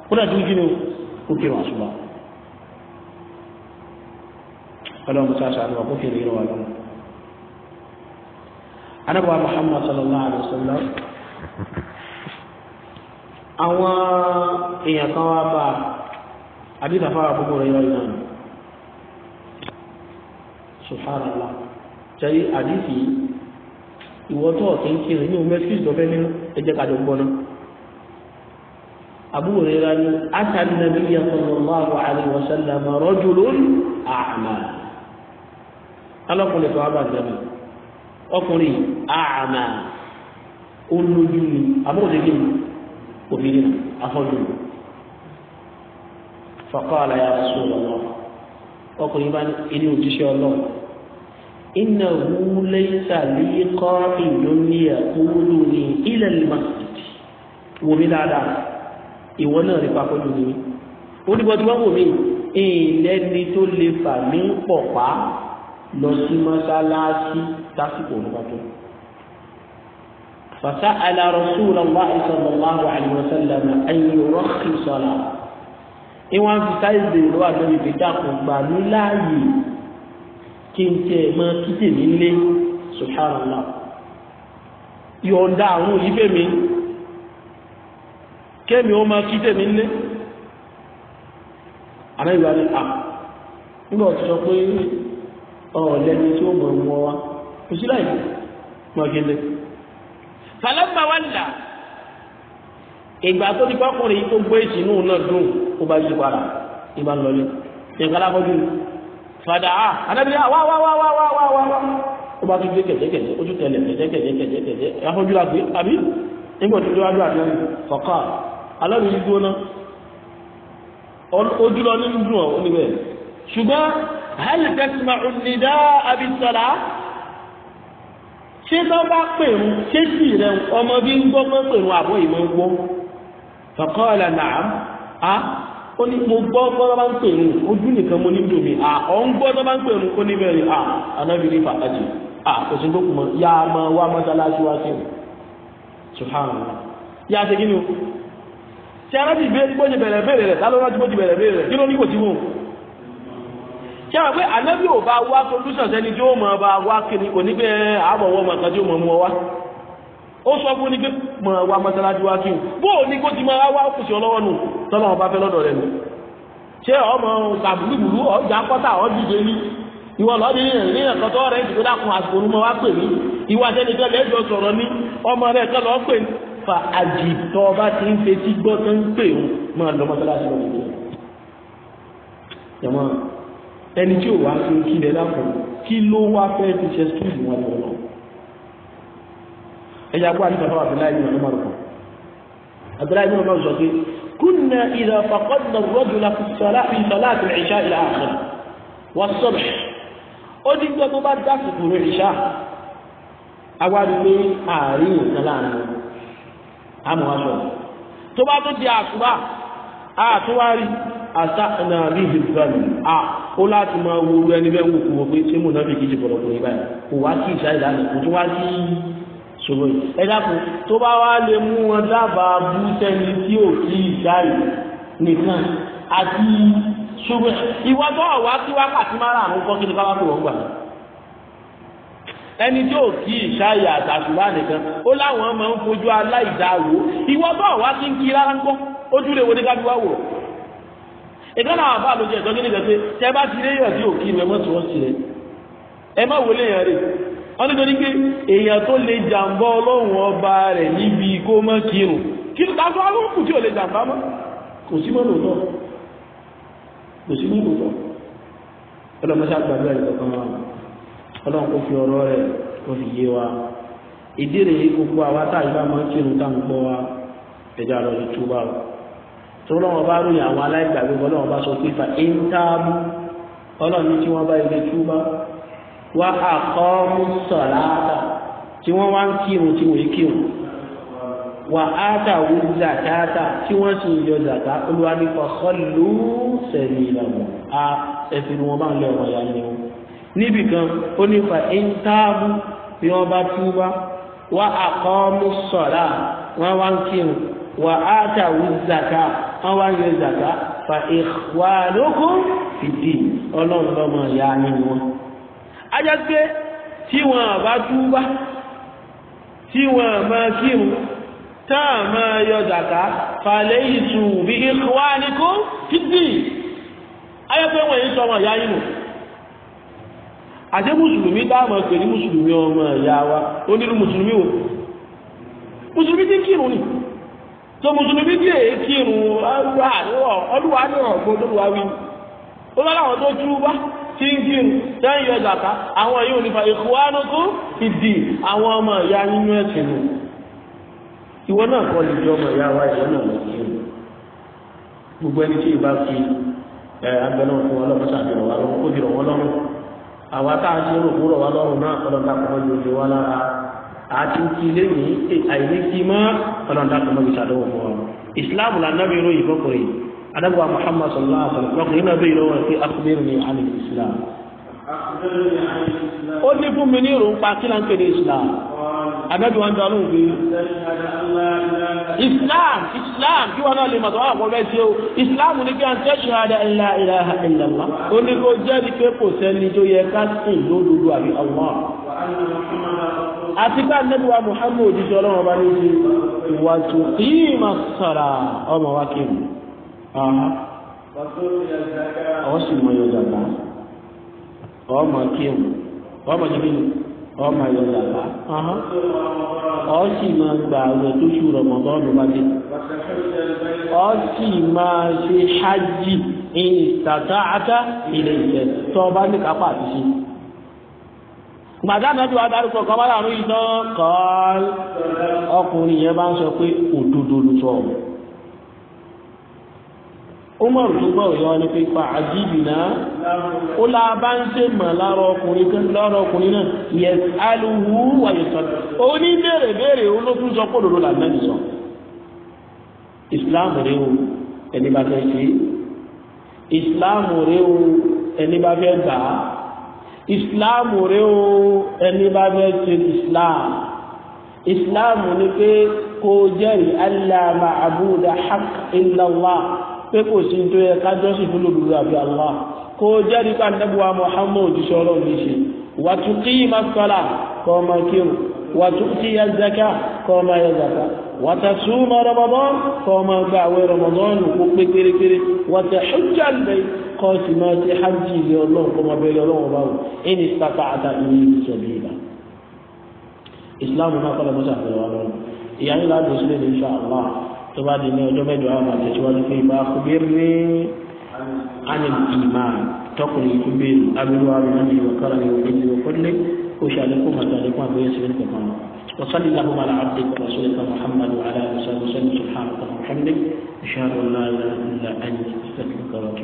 kó náà tó jíne kó kí irun àṣùbà ọlọ́run sáà sàánú wa kí irun wa lọ́wọ́ anabuwa muhammad sallallahu alaihi wasallam àwọn èèyàn kan wá bá àbí tàfà àkókò rẹ̀ yọ̀ọ́ yọ̀ọ́ subhanallah jẹ́rí àdífì ìwọ́tọ̀ ọ̀tẹ́ ń kiri ní omi ẹ́sìkì ìjọba nínú ẹjẹ́ kàdọ̀ gbọ́ná àbúrò rẹ̀ ni atan nabiyya sallallahu alaihi wa sallam rajulun a'ma alọ́kùnrin tó wá bá jẹ́ mi ọkùnrin ní ilé òjíṣẹ́ ọlọ́run إنه ليس لي قائد يقولني إلى المسجد ومن على ìwọ́n náà rí papọ̀ lórí mi onígbọ́ tí wọ́n wò mí ìlẹ́ni tó lè fà mí pọ̀ pa lọ sí mọ́sálásí lásìkò nípa tó. فسأل رسول الله صلى الله عليه وسلم أن يرخص له ìwọ́n fi sáyẹ̀dì lọ́wọ́ àdóbi fi dákun gbà mí láàyè kí n tẹ ẹ máa kí tèmi lé subhanallah yọ̀ǹda àwọn òyìnbẹ́ mi kẹ́mi ó máa kí tèmi lé anáyíwá ni a nígbà tó sọ pé ọ̀lẹ́ni tí ó mọ̀ ń wọ́n wá kò sí láì máa kí lé fàlọ́mà wà là ìgbà tó ti pákùnrin tó gbé ìsìnú náà dùn ó bá yí padà ìbá lọlé nǹkan lápọ́jú ni fada a anabili wa wa wa wa wa wa wa ó bá tún gbé kẹjẹkẹjẹ ojú tẹlẹ kẹjẹkẹjẹkẹjẹkẹjẹ afọjú àgbé àbí nígbà tó déwájú àdéhùn kọkà aláwọ yìí gbóná ojú lọ nínú dùn ọ níbẹ̀ ṣùgbọ́n hal tasma'u nidaa bis-salah ṣé tó bá pèrún ṣé sì rẹ ọmọ bí ń gbọ́ pé pèrún àbọ̀ ìmọ̀ ń gbọ́ faqala na'am á. Ah, ó ní mo gbọ́ gbọ́dọ̀ bá ń pè ní ojú nìkan mo ní dùn mí à ọ̀ ń gbọ́dọ̀ bá ń pè ní ó ní bẹ́ẹ̀ ni à anábìrin pàtàkì à kò sí gbókùn mọ́ yá a máa wá mọ́sálásí wá sí subhanallah yá a ṣe kí ni o ṣe arábì bẹ́ẹ̀ tí bọ́jì bẹ̀rẹ̀ bẹ̀rẹ̀ rẹ̀ lálọ́rọ́ tí bọ́jì bẹ̀rẹ̀ bẹ̀rẹ̀ rẹ̀ kí ló ní kò sí wọn ṣe àwọn pé anábì ò bá wá solúṣàn sẹ́ni tí ó mọ̀ bá wá kí ni kò ní bẹ́ẹ̀ àbọ̀wọ́ mọ̀ ó sọ fún ní pé mọ̀ wá mọ́sálásí wá kí n bó o ní kó ti máa wá kùsì ọlọ́wọ́ nù tọ́lọ́ wọn bá fẹ́ lọ́dọ̀ rẹ nù ṣé ọmọ gbàgbùgbùrú ọjà pọ́tà ọdíje ní ìwọ lọ́dí fa àjìtọ́ ọba ti ń fetí gbọ́ tó ń pè ó máa lọ mọ́sálásí wọn nìyẹn. ẹ̀wọ̀n ẹni tí ò wá fi kí lẹ́dá fún kí ló wá fẹ́ fi ṣe sùúrù wọn lọ́wọ́ ẹ̀yà kó àti bàbá abdullahi bin umar kan abdullahi bin umar sọ pé kunna idha faqadna ar-rajula fi salati salati al-isha ila akhir wa as-subh ó ní gbẹ tó bá dásìkò rẹ ìṣá àwa rí pé àárín nǹkan láàrin àmọ́ aṣọ tó bá tó di àṣùbà àtúwárí àtàkùnà rí ìbùdókàlù à ó láti máa wo ẹni bẹ́ẹ̀ wò kó wọ pé ṣé mo náà fi kí ṣe pọ̀lọpọ̀ yìí báyìí kò wá sí ìṣá ìlànà kò tó wá sí ṣùgbọ́n ẹ dákun tó bá wá lè mú wọn dábàá bú sẹ́ni tí ò kí ìdáyì nìkan àti ṣùgbọ́n ìwà tó wà kí wákàtí máa ràn kọ́ kí ni káwá tó wọ́n gbà ẹni tí ò kí ìṣáyè àtàṣùlá nìkan ó láwọn máa ń fojú aláìdáwò ìwọ bá wá sí ń kí rárá ń gbọ́ ojú lè wo ní kábíwá wò ìkànnà àwọn àbá àlòjẹ ìtọ́jú kí ìmọ̀ ẹ̀mọ́ tí wọ́n nítorí pé èèyàn tó lè jàǹbá ọlọ́run ọba rẹ̀ níbi kó mọ́ kírun kí ló dájú alóòkù tí ò lè jàǹbá mọ́ kò sí mọ́ lòótọ́ kò sí mọ́ lòótọ́ ọlọ́mọṣẹ́ àgbàdo ẹ̀ lọ́kàn wa ọlọ́run kò fi ọ̀rọ̀ rẹ̀ kò fi yé wa ìdí rèé gbogbo bá mọ́ kírun aláìgbàgbé ọlọ́run bá sọ pé fà ń táàbù tí wọ́n bá ilé túbà wá àkọ́mú sọ̀láàtà tí wọ́n wá ń kírun tí wọ́n yí kírun wà átàwù zakata tí wọ́n sì ń yọ zàká olúwa ní kọ́sọ́lù sẹ̀rí ìlànà a ẹ̀fìn wọn bá ń lé ọmọ ìyá ni wọn. níbì kan ó ní fa íńtáàbù bí wọ́n bá tú wá wá àkọ́mú sọ̀lá wọ́n wá ń kírun wà átàwù zàká wọ́n wá ń yọ zàká fa ìwà lókun fìdí ọlọ́run lọ́mọ ìyá ni wọn. ajá pé tí wọn àbá túbá tí kírun tá a yọ zàká falẹ̀ ìtù bí ìwà ni kó títì ayé pé ìyá yìí nù àti mùsùlùmí dáàmà pè ní mùsùlùmí ọmọ ìyá wa mùsùlùmí wò. mùsùlùmí tí ni tó mùsùlùmí tí èyí kírun ọlúwa ní ọgbọ́n tó wí ó tó túbá tí ń kírun tẹ́ ń yọ zàká àwọn yìí ò nípa ikhwanukum fid-din àwọn ọmọ ìyá nínú ẹ̀sìn nù ìwọ náà kọ́ lè di ọmọ ìyá wa ìwọ náà lọ kírun gbogbo ẹni tí ìbá fi ẹ agbẹnú fún ọlọ́run ṣàbẹ̀wò wa lọ́rùn kó dìrọ̀ wọn lọ́rùn àwa tá a ṣe rò kúrò wa lọ́rùn náà ọlọ́run dàpọ̀ mọ́ yòóyè wa lára àti ti lé ní àìní kí mọ́ ọlọ́run dàpọ̀ mọ́ yòóyè ṣàdọ̀wọ̀ fún wa ìsìláàmù làǹdàbí adágbà muhammad sallallahu alaihi wasallam lọ́kùnrin náà bẹ́ẹ̀ lọ́wọ́ sí akhbirni an islam ó ní fún mi ní ìrùnpa kí ló ń pè ní islam adájọ́ wa ń dánú pé islam islam kí wọn náà lè mọ̀tò àwọn ọ̀fẹ́ sí o islam ní kí wọn tẹ́sí ara la ilaha illallah ó ní kó jẹ́rìí pé kò sẹ́ni tó yẹ ká sìn lódodo àbí allah àti ká nẹ́bí wa muhammad òjíṣẹ́ ọlọ́run ọba ní ìwà tó kí mà sọ̀rọ̀ ọmọ wa kí ọ̀ sì mọ yọ ọ ma kéwù ọmọ jìbìnú ọmọ yọ zàkà ọ̀ sì mọ gbà àwọn tó ṣù ma bá ṣe hajj ìtàtà ata ilé ile tó ọba ní kápá àti ṣe gbàdánù ẹbí wa dárúkọ kọ́ bá dàrú yìí tán kọ́ ọkùnrin yẹn bá ń sọ pé òdodo ló sọ umar tó gbọ́ òyìn wọn ni pé pa àjíbì náà ó la bá ń ṣe mọ̀ lára ọkùnrin kan lára ọkùnrin náà yẹs aluhu wàyẹ sọdọ òní béèrè béèrè ó ló tún sọ kó lòlò lànà nìsọ islam rẹ o ẹni bá fẹ́ ṣe islam rẹ o ẹni bá fẹ́ gbà á islam rẹ o ẹni bá fẹ́ ṣe islam islam ni pé kó jẹ́rìí allah ma'abuda haq illallah pé kò sí tó yẹ kájọ́sìn fún lòdùdú àbí Allah kó jẹ́rìí pa nẹ́bùwá Muhammad òjíṣẹ́ ọlọ́run ní ṣe wàtúkí masọ́là kọ́ ọmọ kírun wàtúkí yẹ zaka kọ́ ọmọ yẹ zaka wàtàsúmọ̀ Ramadan kọ́ ọmọ gba àwẹ̀ Ramadan kó pé pérépéré wàtàhújà lè kọ́ sì máa ti hajj ilé ọlọ́run kọ́ máa bẹ̀rẹ̀ ọlọ́run báwo ẹni sábà àtà ìlú ìṣẹ̀lẹ̀ ìgbà Islam náà kọ́ lọ́mọ́sà tó bá di ní ọjọ́ mẹ́jọ àwọn àtẹ̀síwájú fún ibà kúbírní anil iman tọkùnrin kúbírní abiru abiru wakara ni wọ́n ti wọ́n lé ó ṣe àlékún màtà àlékún àgbéyẹ̀ sí ẹni kankan وصلى اللهم على عبدك ورسولك محمد وعلى اله وصحبه وسلم سبحانك وبحمدك اشهد ان لا اله الا انت استغفرك واتوب